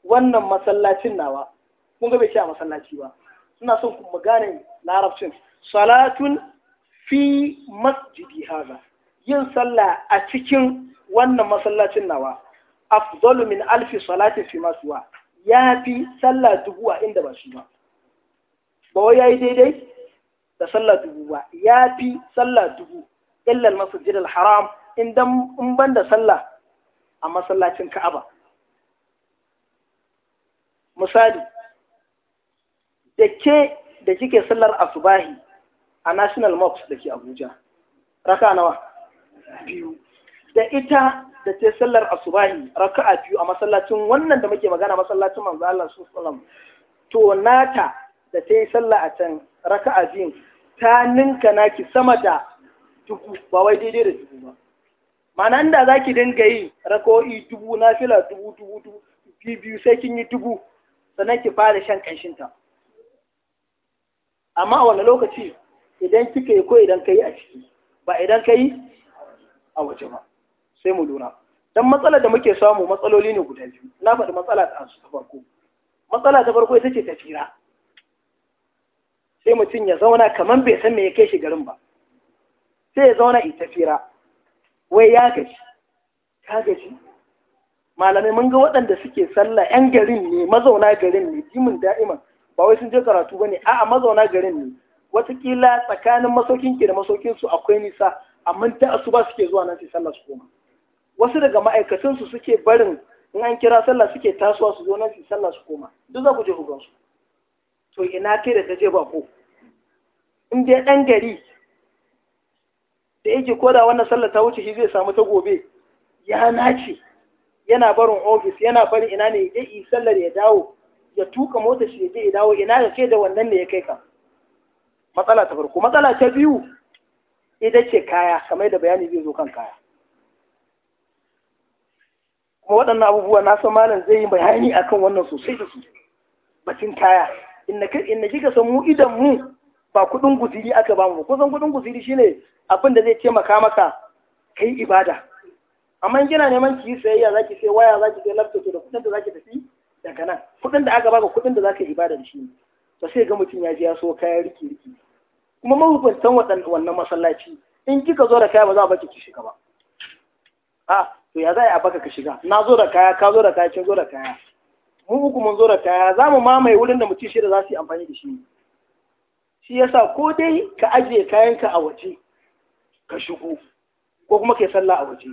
wannan masallacin nawa kun ga bai ce a masallaci ba suna son ku gane larabcin salatun fi masjidi haza yin sallah a cikin wannan masallacin nawa afdalu min alfi salatin fi masuwa ya fi sallah dubu a inda ba shi ba ba wai yayi daidai da sallah dubu ba ya fi sallah dubu illal masjid haram in dan in ban da sallah a masallacin Ka'aba misali da ke da kike sallar asubahi a National Mosque da ke Abuja raka nawa biyu da ita da ce sallar asubahi raka'a biyu a masallacin wannan da muke magana masallacin manzo Allah sallallahu alaihi wasallam to nata da ta yi sallah a can raka'a biyu ta ninka naki sama da dubu ba wai daidai da dubu ba ma'ana da za ki dinga yi rako'i dubu na fila dubu dubu dubu biyu sai kin yi dubu sannan ki fara shan ta. amma a wani lokaci idan kika yi ko idan ka yi a ciki ba idan ka yi a waje ba sai mu lura don matsalar da muke samu matsaloli ne guda biyu na faɗi matsala ta su ta farko matsala ta farko ita ce ta tsira sai mutum ya zauna kamar bai san me ya kai shi garin ba sai ya zauna ita fira wai ya gaji ka gaji malamai mun ga waɗanda suke sallah yan garin ne mazauna garin ne jimin da'ima ba wai sun je karatu ba ne. a'a mazauna garin ne watakila tsakanin masaukin ki da masaukin su akwai nisa amma ta ba suke zuwa nan sai sallah su koma wasu daga ma'aikatan su suke barin in an kira sallah suke tasowa su zo nan sai sallah su koma duk za ku je ku gansu to ina kai da ta je ba ko in dai ɗan gari da yake da wannan sallar ta wuce shi zai samu ta gobe ya nace yana barin ofis yana barin ina ne ya yi sallar ya dawo ya tuka mota shi ya je ya dawo ina ga ke da wannan ne ya kai ka matsala ta farko matsala ta biyu ita ce kaya kamar da bayani zai zo kan kaya kuma waɗannan abubuwa na san malam zai yi bayani akan wannan sosai da sosai batun kaya inna kika san mu idan mu ba kudin guziri aka ba mu kusan kudin guziri shine abin da zai taimaka maka kai ibada amma kina neman ki sayayya zaki sai waya zaki sai laptop da kudin da zaki tafi daga nan kudin da aka baka kudin da zaka ibada da shi to sai ga mutum ya ji ya so kayan riki riki kuma mahukuntan wannan masallaci in kika zo da kaya ba za a baki ki shiga ba a to ya za a baka ka shiga na zo da kaya ka zo da kaya kin zo da kaya mu uku mun zo da kaya za mu mamaye wurin da mutum da za su yi amfani da shi shi yasa ko dai ka ajiye kayanka a waje ka shigo ko kuma ka yi sallah a waje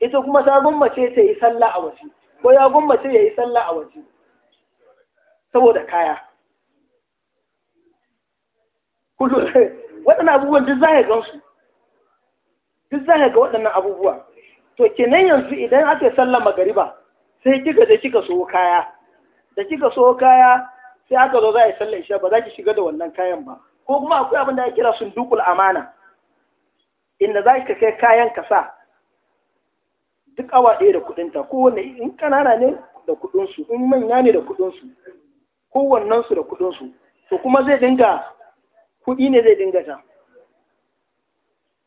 ita kuma ta gwammace ta yi sallah a waje ko ya gwammace ya yi sallah a waje saboda kaya waɗannan abubuwan duk za gan su duk za ga waɗannan abubuwa to kenan yanzu idan aka yi sallah magariba sai kika je kika so kaya da kika so kaya sai aka zo za a yi sallah isha ba za ki shiga da wannan kayan ba ko kuma akwai abin da ya kira sundukul amana inda za ka kai kayan ka sa duk awa ɗaya da kuɗinta wanne in ƙanana ne da kuɗinsu in manya ne da kuɗinsu kowannensu da kuɗinsu to kuma zai dinga kuɗi ne zai dinga ta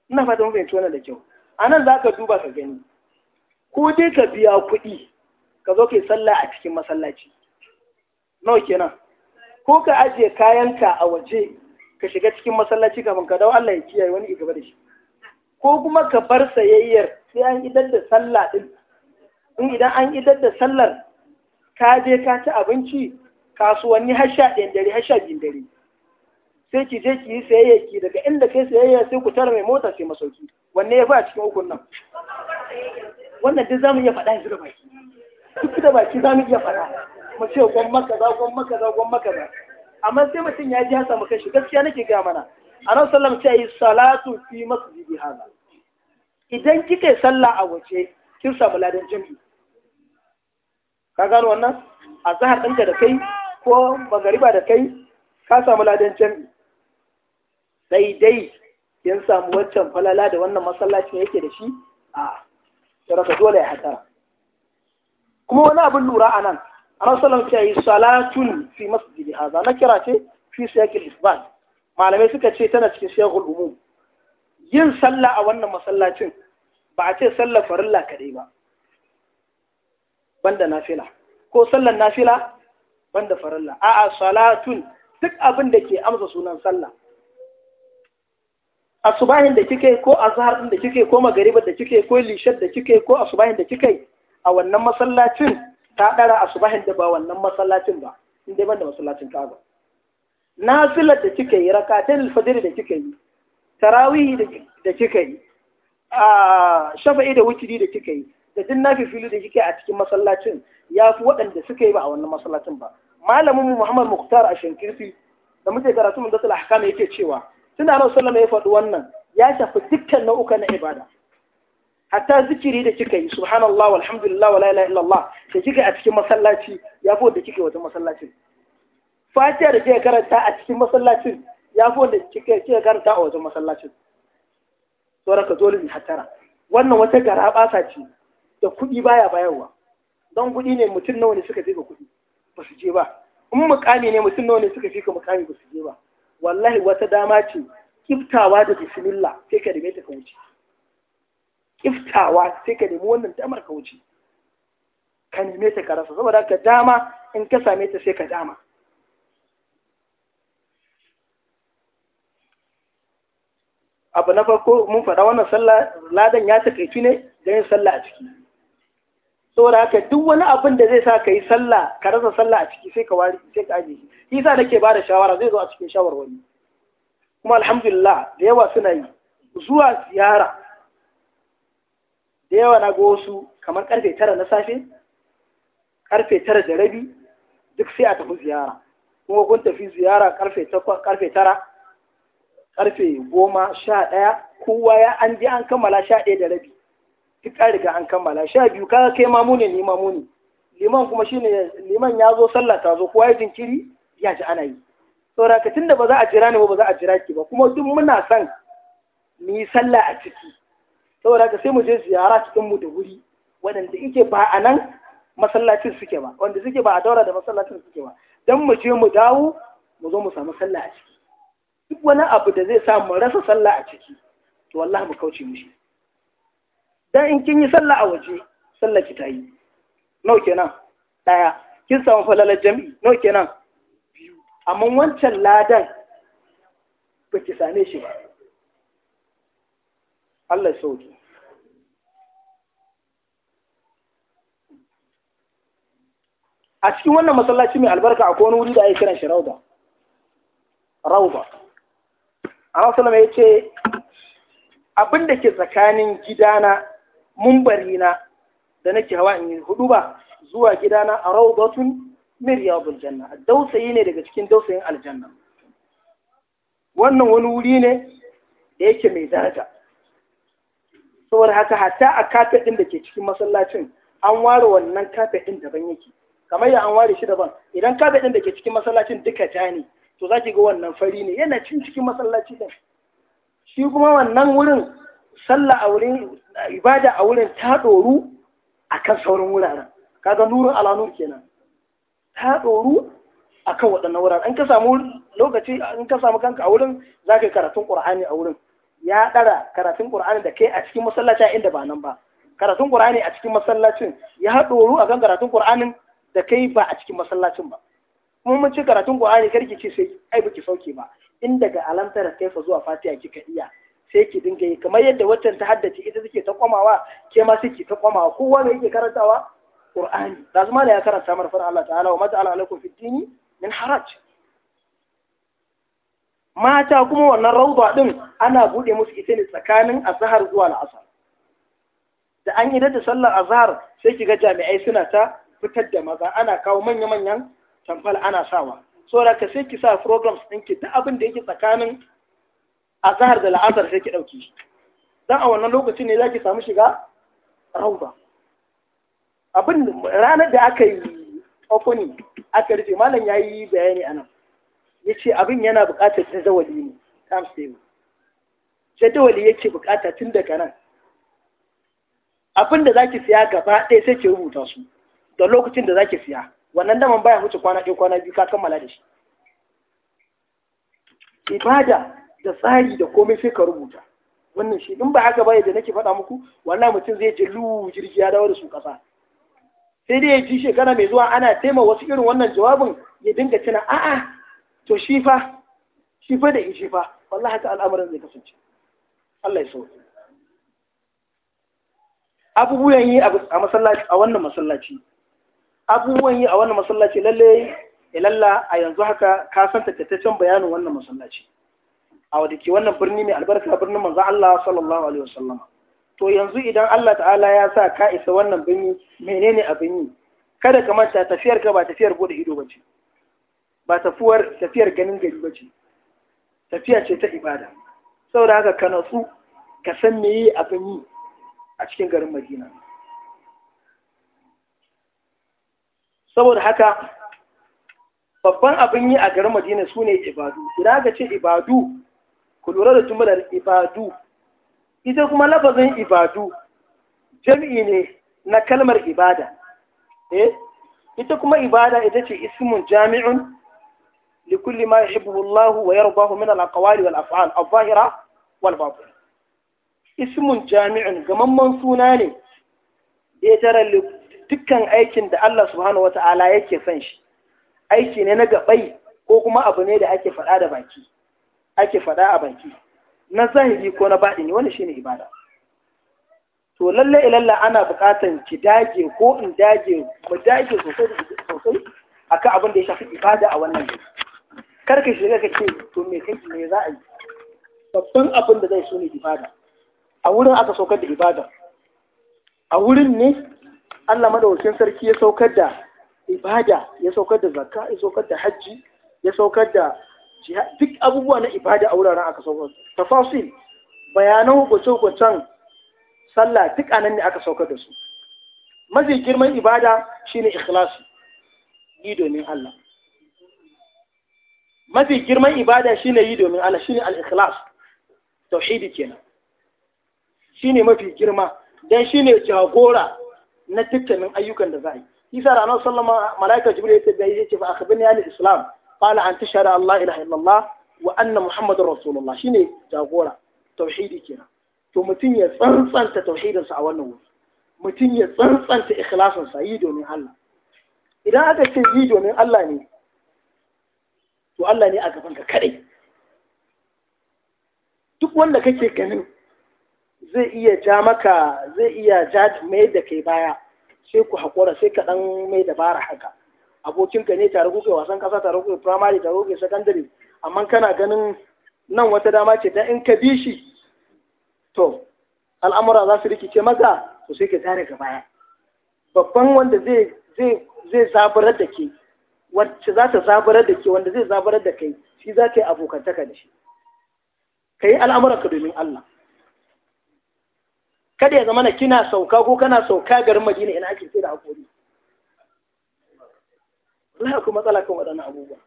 ina fatan fahimci wannan da kyau a nan za ka duba ka gani ko dai ka biya kuɗi ka zo ka yi sallah a cikin masallaci nawa kenan ko ka ajiye kayanka a waje ka shiga cikin masallaci kafin ka dawo Allah ya kiyaye wani ya gaba da shi ko kuma ka bar sayayyar sai an idar da sallah din in idan an idar da sallar ka je ka ci abinci kasuwanni har sha ɗayan dare har sha biyun dare sai ki je ki yi sayayya ki daga inda kai sayayya sai ku tara mai mota sai masauki wanne ya fi a cikin ukun nan wannan duk zamu iya faɗa yanzu da baki duk da baki zamu iya faɗa mu ce gwan maka za gwan maka za gwan za amma sai mutum ya ji ya samu shi gaskiya nake ga mana anan sallam ce yi salatu fi masjidi hada idan kika sallah a waje kin samu ladan jami ka gano wannan a zahar ɗinka da kai ko magariba da kai ka samu ladan Sai dai kin samu waccan falala da wannan masallacin yake da shi a saraka dole ya hatara kuma wani abin lura a nan annabi sallallahu alaihi salatun fi masjidi hadha na kira ce fi siyaqil isbat malamai suka ce tana cikin siyaqul umum yin sallah a wannan masallacin ba a ce sallar farilla kadai ba banda nafila ko sallar nafila banda farilla a'a salatun duk abin da ke amsa sunan sallah asubahin da kike ko azhar din da kike ko magariba da kike ko lishar da kike ko asubahin da kike a wannan masallacin ta ɗara asubahin da ba wannan masallacin ba in dai ban da masallacin Ka'aba nafilar da kika yi rakatan alfajr da kika yi tarawih da kika yi a shafa'i da wutiri da kika yi da duk nafifilu da kika a cikin masallacin ya fi waɗanda suka yi ba a wannan masallacin ba malamin mu Muhammad Muktar a Shankirfi da muke karatu mun da ahkam yake cewa tunda Annabi sallama ya faɗi wannan ya shafi dukkan nau'uka na ibada hatta zikiri da kika yi subhanallah walhamdulillah wala ilaha illallah da kika a cikin masallaci ya fi wanda kika wajen masallacin fatiha da kika karanta a cikin masallacin ya fi wanda kika karanta a wajen masallacin saboda ka dole ne hatara wannan wata gara basa ce da kuɗi baya bayarwa don kuɗi ne mutum nawa ne suka je kuɗi ba su je ba in mukami ne mutum nawa ne suka fika mukami ba su je ba wallahi wata dama ce kiftawa da bismillah sai ka rige ta ka wuce iftawa sai ka nemi wannan damar ka wuce ka neme ta ka rasa saboda ka dama in ka same ta sai ka dama abu na farko mun faɗa wannan sallah ladan ya takaitu ne da yin sallah a ciki saboda haka duk wani abin da zai sa ka yi sallah ka rasa sallah a ciki sai ka wari sai ka aje shi shi yasa nake bada shawara zai zo a cikin shawarwari kuma alhamdulillah da yawa suna yi zuwa ziyara da yawa na ga wasu kamar karfe tara na safe karfe tara da rabi duk sai a tafi ziyara kuma kun tafi ziyara karfe karfe tara karfe goma sha ɗaya kowa ya an je an kammala sha ɗaya da rabi duk ka riga an kammala sha biyu kaga kai mamu ne ni mamu ne liman kuma shine liman ya zo sallah ta zo kowa ya jinkiri ya ji ana yi saboda ka tunda ba za a jira ni ba ba za a jira ki ba kuma duk muna son mu yi sallah a ciki saboda ka sai mu je ziyara cikin mu da wuri waɗanda yake ba a nan masallacin suke ba wanda suke ba a daura da masallacin suke ba dan mu je mu dawo mu zo mu samu sallah a ciki duk wani abu da zai sa mu rasa sallah a ciki to wallahi mu kauce mishi dan in kin yi sallah a waje sallah ki ta yi nawa kenan daya kin samu falalar jami'i nawa kenan biyu amma wancan ladan ba ki same shi ba Allah ya sauke a cikin wannan masallaci mai albarka akwai wani wuri da ake kiran shi rauda rauda Allah sallama ya ce abin da ke tsakanin gidana na da nake hawa in yi hudu ba zuwa gidana a raudatun min riyadul janna dausayi ne daga cikin dausayin aljanna wannan wani wuri ne da yake mai daraja saboda haka hatta a kafet ɗin da ke cikin masallacin an ware wannan kafet ɗin daban yake kamar ya an ware shi daban idan kafet ɗin da ke cikin masallacin duka ja ne to za ki ga wannan fari ne yana cin cikin masallaci ɗin shi kuma wannan wurin sallah a wurin ibada a wurin ta ɗoru a kan sauran wuraren kaga nurin alanur kenan ta ɗoru a kan waɗannan wuraren in ka samu lokaci an ka samu kanka a wurin za ka yi karatun ƙur'ani a wurin ya ɗara karatun ƙurani da kai a cikin a inda ba nan ba karatun ƙur'ani a cikin masallacin ya haɗo ruwa kan karatun Qur'anin da kai ba a cikin masallacin ba kuma mun ci karatun kar ki ce sai ai ki sauke ba in daga alamtar kaifa zuwa Fatiha kika iya sai ki dinga yi kamar yadda waccan ta haddace ita take ta kwamawa ke ma sai ki ta kwamawa kowa ne yake karantawa Qur'ani lazuma ne ya karanta mana fara Allah ta'ala wa ma alaikum fid min haraj mata kuma wannan rauda din ana bude musu ita ne tsakanin azhar zuwa al'asar da an yi da sallar azhar sai kiga jami'ai suna ta fitar da maza ana kawo manya manyan tamfal ana sawa saboda ka sai ki sa programs ki duk abin da yake tsakanin azhar da al'asar sai ki dauki shi dan a wannan lokacin ne zaki samu shiga rauda abin ranar da aka yi opening aka rufe malam yayi bayani anan ya ce abin yana buƙatar jadawali ne time table jadawali yake buƙata tun daga nan abin da zaki siya gaba ɗaya sai ki rubuta su da lokacin da zaki siya wannan daman baya wuce kwana ɗaya kwana biyu ka kammala da shi ibada da tsari da komai sai ka rubuta wannan shi in ba haka ba da nake faɗa muku wannan mutum zai ji jirgi ya dawo da su ƙasa sai dai ya ji shekara mai zuwa ana taima wasu irin wannan jawabin ya dinga tuna a'a to shi fa shi fa da shi fa wallahi haka al'amarin zai kasance Allah ya so abubuwan yi a masallaci a wannan masallaci abubuwan yi a wannan masallaci lalle ilalla a yanzu haka ka san takaitaccen bayanin wannan masallaci a wadda ke wannan birni mai albarka birnin manzo Allah sallallahu alaihi wasallama to yanzu idan Allah ta'ala ya sa ka isa wannan birni menene abin yi kada ka manta tafiyar ka ba tafiyar bude ido bace ba tafiyar ganin gari ba ce tafiya ce ta ibada saboda haka ka natsu ka san me abin yi a cikin garin madina saboda haka babban abin yi a garin madina su ne ibadu Ina ga ce ibadu ku lura da jumlar ibadu ita kuma lafazin ibadu jami'i ne na kalmar ibada eh ita kuma ibada ita ce ismun jami'un لكل ما يحبه الله ويرضاه من الأقوال والأفعال الظاهرة والباطنة اسم جامع كمان منصوناني يترى dukkan aikin da Allah subhanahu wata'ala yake son shi aiki ne na gabai ko kuma abu ne da ake faɗa da baki ake faɗa a baki na zahiri ko na baɗini wani to lalle ilalla ana buƙatar ki dage ko in dage mu dage sosai sosai akan abin da ya shafi ibada a wannan gari kar ka shiga ka ce to me kai me za a yi babban abin da zai so ne ibada a wurin aka saukar da ibada a wurin ne Allah madaukakin sarki ya saukar da ibada ya saukar da zakka ya saukar da hajji ya saukar da duk abubuwa na ibada a wuraren aka saukar tafasil bayanan hukunce-hukuncen sallah duk anan ne aka saukar da su mafi girman ibada shine ikhlasi ni domin Allah mafi girman ibada shine yi domin Allah shine al-ikhlas tauhidi kenan shine mafi girma dan shine jagora na tattalin ayyukan da za a yi isa ranar sallama malaika jibril ya tabbai ya ce fa akhbirni al islam qala an tashhadu Allah la ilaha illallah wa anna muhammadar rasulullah shine jagora tauhidi kenan to mutum ya tsantsanta tauhidinsa a wannan wuri mutum ya tsantsanta ikhlasinsa yi domin Allah idan aka ce yi domin Allah ne Allah ne a gaban ka kadai duk wanda kake ganin zai iya ja maka zai iya ja mai da kai baya sai ku haƙura sai ka ɗan mai dabara haka abokinka ne tare kuke wasan ƙasa tare kuke firamare tare kuke sakandare amma kana ganin nan wata dama ce dan in ka bi shi to al'amura za su rikice maka to sai ka tare ka baya babban wanda zai zai zai zaburar da ke wacce za ta zabarar da ke wanda zai zabarar da kai shi za ka yi abokantaka da shi ka yi al'amuranka domin Allah kada ya zama na kina sauka ko kana sauka garin madina ina ake sai da hakuri Allah ku matsala kan waɗannan abubuwa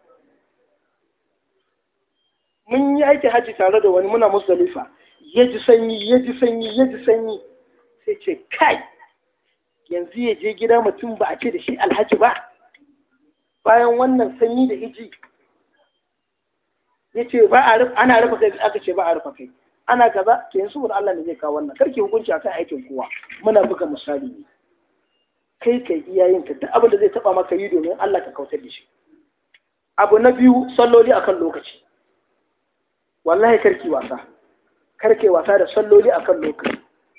mun yi aiki hajji tare da wani muna musdalifa ya ji sanyi ya ji sanyi ya ji sanyi sai ce kai yanzu ya je gida mutum ba a ce da shi alhaji ba bayan wannan sanyi da iji ya ce ba a rufe ana rufe kai aka ce ba a rufe kai ana kaza ke yanzu wani Allah ne zai kawo wannan karki hukunci akan aikin kowa muna buga misali ne kai kai iyayen ka duk abin da zai taba maka yi domin Allah ka kautar da shi abu na biyu salloli akan lokaci wallahi karki wasa karke wasa da salloli akan lokaci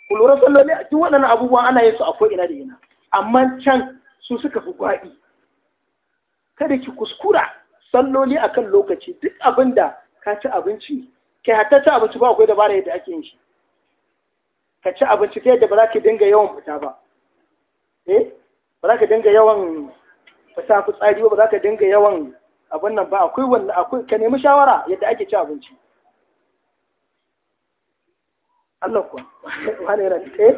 ku lura salloli duk waɗannan abubuwan ana yin su a ko ina da ina amma can su suka fi gwaɗi kada ki kuskura salloli akan lokaci duk abin da ka ci abinci kai hatta ci abinci ba akwai dabara yadda ake yin shi ka ci abinci ta yadda ba za ka dinga yawan fita ba eh ba za ka dinga yawan fita fitsari ba ba za ka dinga yawan abin nan ba akwai wannan akwai ka nemi shawara yadda ake ci abinci Allah kuwa <laughs> wani yana eh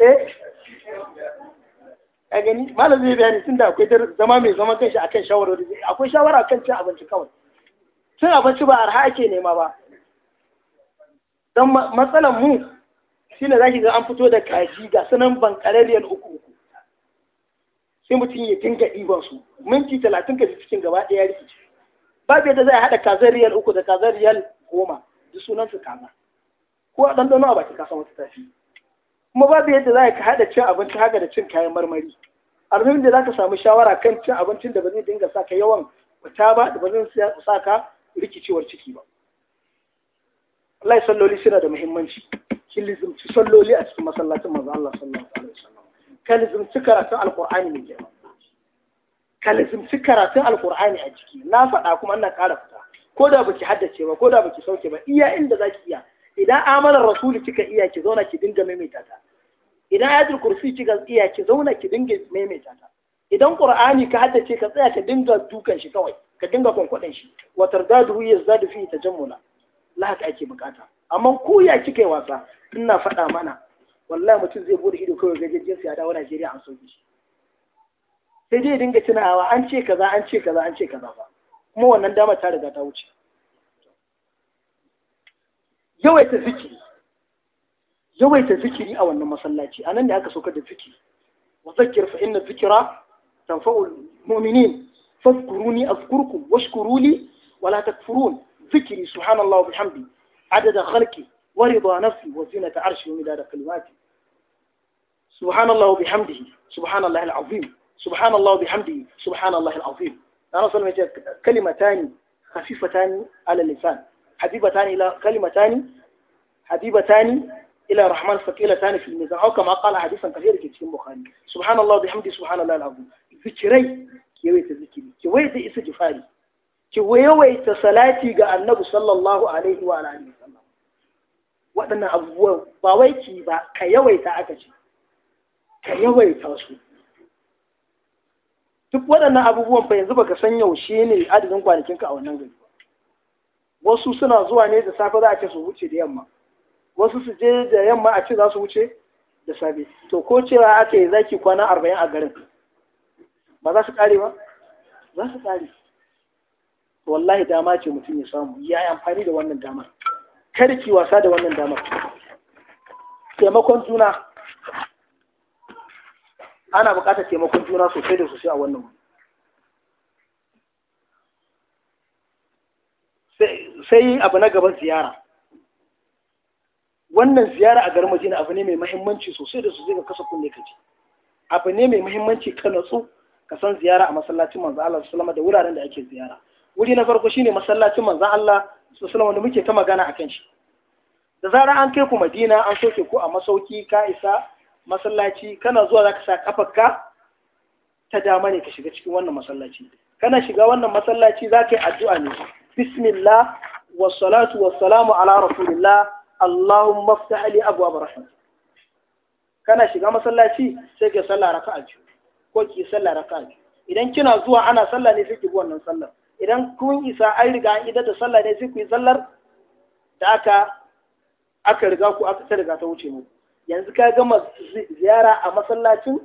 eh A gani malam zai bayani tun da akwai zama mai zaman kanshi akan shawarwari akwai shawara kan cin abinci kawai cin abinci ba arha ake nema ba don matsalan mu shi ne zaki ga an fito da kaji ga sanan bankarariyar uku uku sai mutum ya dinga ɗiban su minti talatin ka cikin gaba ɗaya rikici babu yadda zai haɗa kazariyar uku da kazariyar goma duk sunan su kaza ko a ɗanɗano a baki kasa wata tafi kuma babu yadda za ka haɗa cin abinci haka da cin kayan marmari alhamdu da za ka samu shawara kan cin abincin da ba zai dinga sa ka yawan wata ba da ba zai sa ka rikicewar ciki ba Allah salloli suna da muhimmanci ki lizimci salloli a cikin masallacin manzo Allah sallallahu alaihi wasallam ka lizimci karatun alqur'ani mai girma ka lizimci karatun alqur'ani a ciki, na faɗa kuma ina ƙara fita ko da baki haddace ba ko da baki sauke ba iya inda zaki iya idan amalar rasuli kika iya ki zauna ki dinga maimaita ta idan ayatul kursi kika iya ki zauna ki dinga maimaita ta idan qur'ani ka haddace ka tsaya ka dinga dukan shi kawai ka dinga kwankwadon shi wa tardaduhu yazdadu fi tajammula la haka ake bukata amma ku ya kika yi wasa ina faɗa mana wallahi mutum zai bude ido kawai gajejjen ya dawo Najeriya an soke shi sai dai dinga tunawa an ce kaza an ce kaza an ce kaza ba kuma wannan dama ta riga ta wuce yawaita zikiri yawaita zikiri a wannan masallaci a nan ne aka soka da zikiri wa zakir fa inna zikira tanfa'ul mu'minin fadhkuruni azkurkum washkuru li wala takfurun zikiri subhanallahi wa bihamdi adada khalqi wa rida nafsi wa zinata arshi wa midada kalimati subhanallahi wa bihamdihi subhanallahi alazim subhanallahi wa bihamdihi subhanallahi alazim ana son mai kalimatan khafifatani ala lisan حبيبتان إلى كلمتان حبيبتان إلى الرحمن ثقيلتان في الميزان أو كما قال حديثا كثيرا في البخاري سبحان الله وبحمده سبحان الله العظيم ذكري كويت ذكري كويت استغفاري كويت صلاتي ga annabi sallallahu alaihi wa alihi waɗannan abubuwan ba wai ki ba ka yawaita aka ka yawaita su duk waɗannan abubuwan ba yanzu baka san yaushe ne adadin kwanakinka a wannan gari wasu suna zuwa ne da safe za a ce su wuce da yamma wasu su je da yamma a ce za su wuce da safe to ko cewa aka yi zaki kwana arba'in a garin ba za su kare ba za su kare wallahi dama ce mutum ya samu ya yi amfani da wannan damar kada ki wasa da wannan damar taimakon juna ana buƙatar taimakon juna sosai da sosai a wannan wani. sai abu na gaba ziyara wannan ziyara a garin Madina abu ne mai mahimmanci sosai da sosai ka kasa kunne ka abu ne mai mahimmanci ka natsu ka san ziyara a masallacin manzo Allah sallallahu da wuraren da ake ziyara wuri na farko shine masallacin manzo Allah sallallahu da muke ta magana akan shi da zarar an kai ku Madina an soke ku a masauki ka isa masallaci kana zuwa zaka sa kafarka ta dama ne ka shiga cikin wannan masallaci kana shiga wannan masallaci zaka yi addu'a ne bismillah والصلاة والسلام على رسول الله اللهم افتح لي أبواب رحمتك kana shiga masallaci sai ke sallah raka'a biyu ko ki sallah raka'a biyu idan kina zuwa ana sallah ne sai ki wannan sallar idan kun isa an riga an idar da sallah ne sai ku yi sallar da aka aka riga ku aka ta riga ta wuce mu yanzu ka gama ziyara a masallacin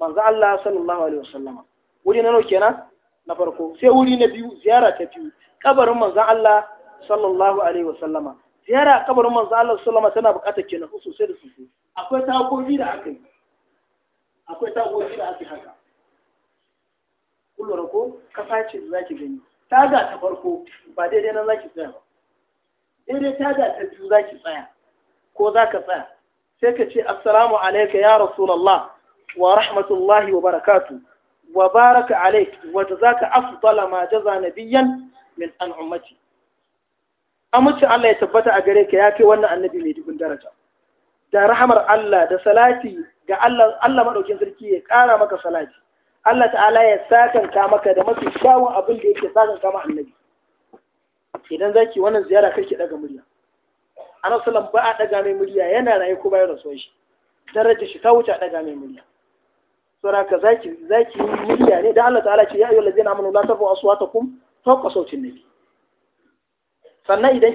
manzo Allah sallallahu alaihi wasallam wuri na nawa kenan na farko sai wuri na biyu ziyara ta biyu kabarin manzo Allah sallallahu alaihi wa sallama ziyara kabarin manzo Allah sallama tana buƙatar kenan sosai da sosai akwai tagogi da aka yi akwai tagogi da aka haka kullum ko kasa ce da zaki gani taga ta farko ba daidai nan zaki tsaya ba daidai taga ta biyu zaki tsaya ko zaka tsaya sai ka ce assalamu alayka ya rasulullah wa rahmatullahi wa barakatuh wa baraka alayk wa jazaka afdala ma jaza nabiyyan min an ummati amincin Allah ya tabbata a gare ka ya kai wannan annabi mai dubin daraja da rahamar Allah da salati ga Allah Allah madaukin sarki ya kara maka salati Allah ta'ala ya sakanta maka da mafi kyawun abin da yake sakanta ma annabi idan zaki wannan ziyara kake daga murya annabi sallallahu ba a daga mai murya yana rayu ko bayan rasuwar shi Daraja shi ta wuce a daga mai murya saboda ka zaki zaki murya ne da Allah ta'ala ce ya ayyuhallazina amanu la tarfa'u aswatakum fawqa sawtin nabi sannan idan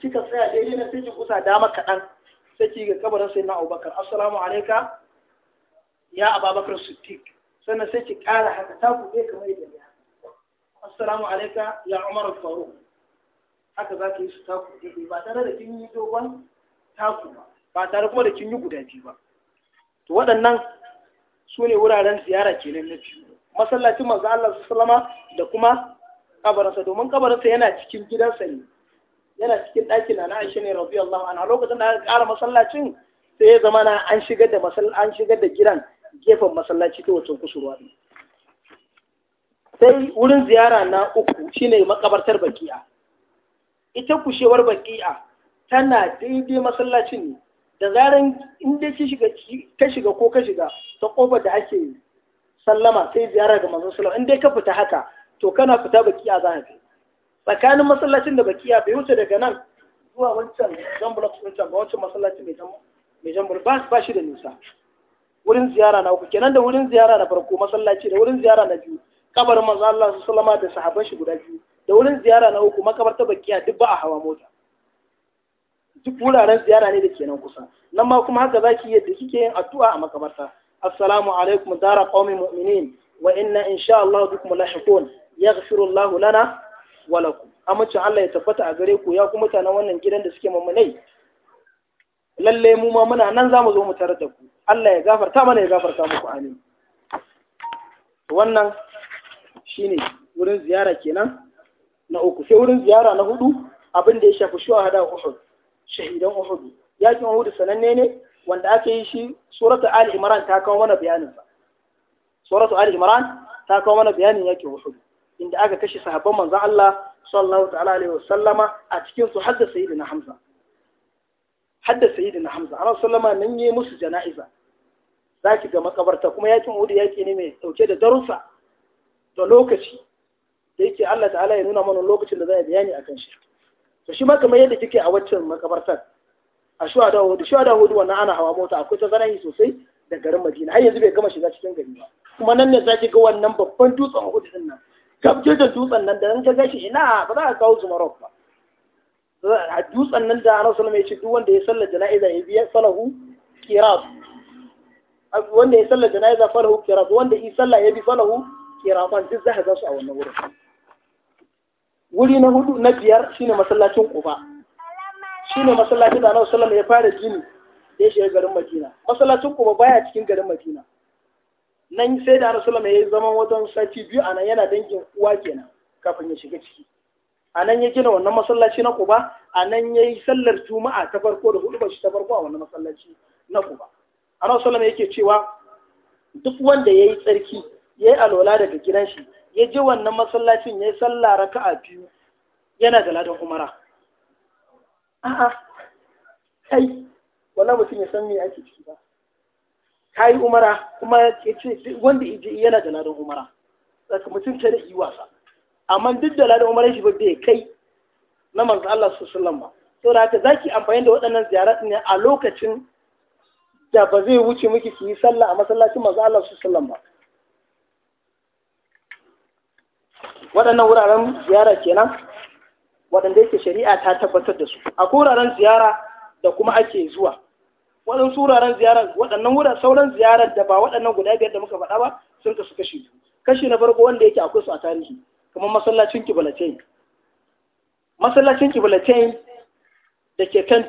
kika tsaya daidai na sai kusa dama kaɗan sai ki ga kabarin sai na abubakar assalamu alaika ya Abubakar siddiq sannan sai ki ƙara haka ta kuɗe kamar yadda ya assalamu alaika ya umar faru haka za ki yi su ta kuɗe ba tare da kin yi dogon ta ba ba tare kuma da kin yi guda biyu ba to waɗannan su ne wuraren ziyara kenan na biyu masallacin manzo Allah sallama da kuma kabarinsa domin kabarinsa yana cikin gidansa ne yana cikin ɗakin na Aisha ne Allah anha lokacin da aka ƙara masallacin sai ya zama na an shigar da an gidan gefen masallaci ta wacce kusurwa ne sai wurin ziyara na uku shine makabartar baki'a ita kushewar baki'a tana daidai masallacin ne da zaran inda ki shiga ka shiga ko ka shiga ta kofar da ake sallama sai ziyara ga manzon sallama in dai ka fita haka to kana fita baki'a za ka tsakanin masallacin da bakiya bai wuce daga nan zuwa wancan jan block wancan ba wancan masallacin mai jan blok ba shi da nisa wurin ziyara na uku kenan da wurin ziyara na farko masallaci da wurin ziyara na biyu kabarin manzo Allah sallama da sahabban shi guda biyu da wurin ziyara na uku makabarta bakiya duk ba a hawa mota duk wuraren ziyara ne da ke nan kusa nan ma kuma haka zaki yadda kike yin addu'a a makabarta assalamu alaikum dara kaumin mu'minin wa inna insha Allah bikum lahiqun yaghfiru Allah lana walaku amincin Allah ya tabbata a gare ku ya kuma mutanen wannan gidan da suke mamunai lalle mu ma muna nan zamu zo mu tarar da ku Allah ya gafarta mana ya gafarta muku amin wannan shine wurin ziyara kenan na uku sai wurin ziyara na hudu abin da ya shafi hada Uhud shahidan Uhud yakin Uhud sananne ne wanda aka yi shi suratu Ali Imran ta kawo mana bayanin sa suratu Ali Imran ta kawo mana bayanin yakin Uhud inda aka kashe sahabban manzon Allah sallallahu ta'ala alaihi wasallama a cikin su hadda sayyidina Hamza hadda sayyidina Hamza ana sallama nan yayi musu jana'iza zaki ga makabarta kuma yakin Uhud yaki ne mai dauke da darussa da lokaci da yake Allah ta'ala ya nuna mana lokacin da za a bayani akan shi to shi ma kamar yadda kike a waccan makabartar a shuhada hudu shuhada hudu wannan ana hawa mota akwai ta zanayi sosai da garin Madina har yanzu bai gama shiga cikin gari ba kuma nan ne zaki ga wannan babban dutsen hudu din nan kafje da dutsen nan da nan ka gashi ina ba za ka kawo su marok ba a dutsen nan da Annabi sallallahu alaihi wasallam wanda ya sallar jana'iza ya biya falahu kiras wanda ya sallar jana'iza falahu kiras wanda ya sallar ya bi falahu Kirafan, duk za a ga su a wannan wurin wuri na hudu na biyar shine masallacin Shi shine masallacin da Annabi sallallahu alaihi wasallam ya fara gini da ya shiga garin Madina masallacin Quba baya cikin garin Madina nan sai da rasulullah ya zama wajen sati biyu a nan yana dangin uwa kenan kafin ya shiga ciki a nan ya gina wannan masallaci na kuba a nan ya yi sallar juma'a ta farko da hudu shi ta farko a wannan masallaci na kuba a nan yake cewa duk wanda ya yi tsarki ya yi alola daga gidan shi ya je wannan masallacin ya yi sallah a biyu yana da ladan umara a'a kai wannan mutum ya san me ake ciki ba ka yi umara kuma ya ce wanda ije yana da ladan umara saka mutum kada yi wasa amma duk da ladan umara shi ba bai kai na manzo Allah su sallam ba saboda haka zaki amfani da waɗannan ziyarat ne a lokacin da ba zai wuce miki ki yi sallah a masallacin manzo Allah su sallam ba waɗannan wuraren ziyara kenan waɗanda yake shari'a ta tabbatar da su a wuraren ziyara da kuma ake zuwa waɗansu wuraren ziyarar waɗannan wuraren sauran ziyarar da ba waɗannan guda biyar da muka faɗa ba sun kasu kashi kashi na farko wanda yake akwai su a tarihi kamar masallacin kibalatain masallacin kibalatain da ke kan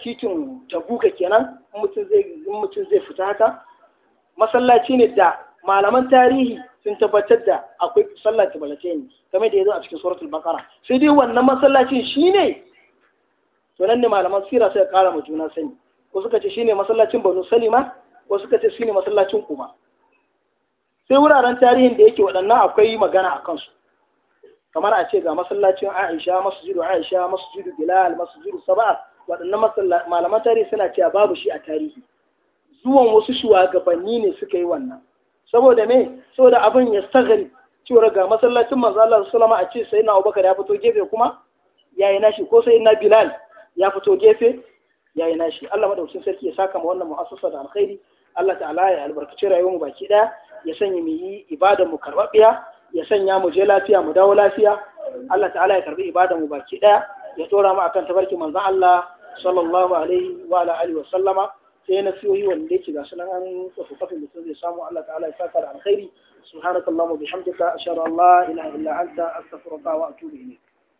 titin tabuka kenan mutum zai fita haka masallaci ne da malaman tarihi sun tabbatar da akwai sallar kibalatain game da ya zo a cikin suratul bakara sai dai wannan masallacin shine to nan ne malaman sira suka kara wa juna sani wasu ka ce shine masallacin banu salima wasu ka ce shine masallacin kuma sai wuraren tarihin da yake waɗannan akwai magana a kansu kamar a ce ga masallacin aisha masjidu aisha masjidu bilal masjidu saba'a waɗannan malaman tarihi suna cewa babu shi a tarihi zuwan wasu shugabanni ne suka yi wannan saboda me saboda abin ya sagari cewar ga masallacin manzo Allah wasallam a ce sai na Abubakar ya fito gefe kuma yayi nashi ko sai na Bilal ya fito gefe ya yi nashi Allah madaukakin sarki ya saka mu wannan mu'assasa da alkhairi Allah ta'ala ya albarkaci rayuwar mu baki daya ya sanya mu yi ibada mu karbabiya ya sanya mu je lafiya mu dawo lafiya Allah ta'ala ya karbi ibada mu baki daya ya dora mu akan tabarki manzon Allah sallallahu alaihi wa ala alihi wa sallama sai na siyoyi wanda yake ga sunan an tsofi kafin mutum zai samu Allah ta'ala ya saka da alkhairi subhanakallahumma bihamdika ashhadu an la ilaha illa anta astaghfiruka wa atubu ilayk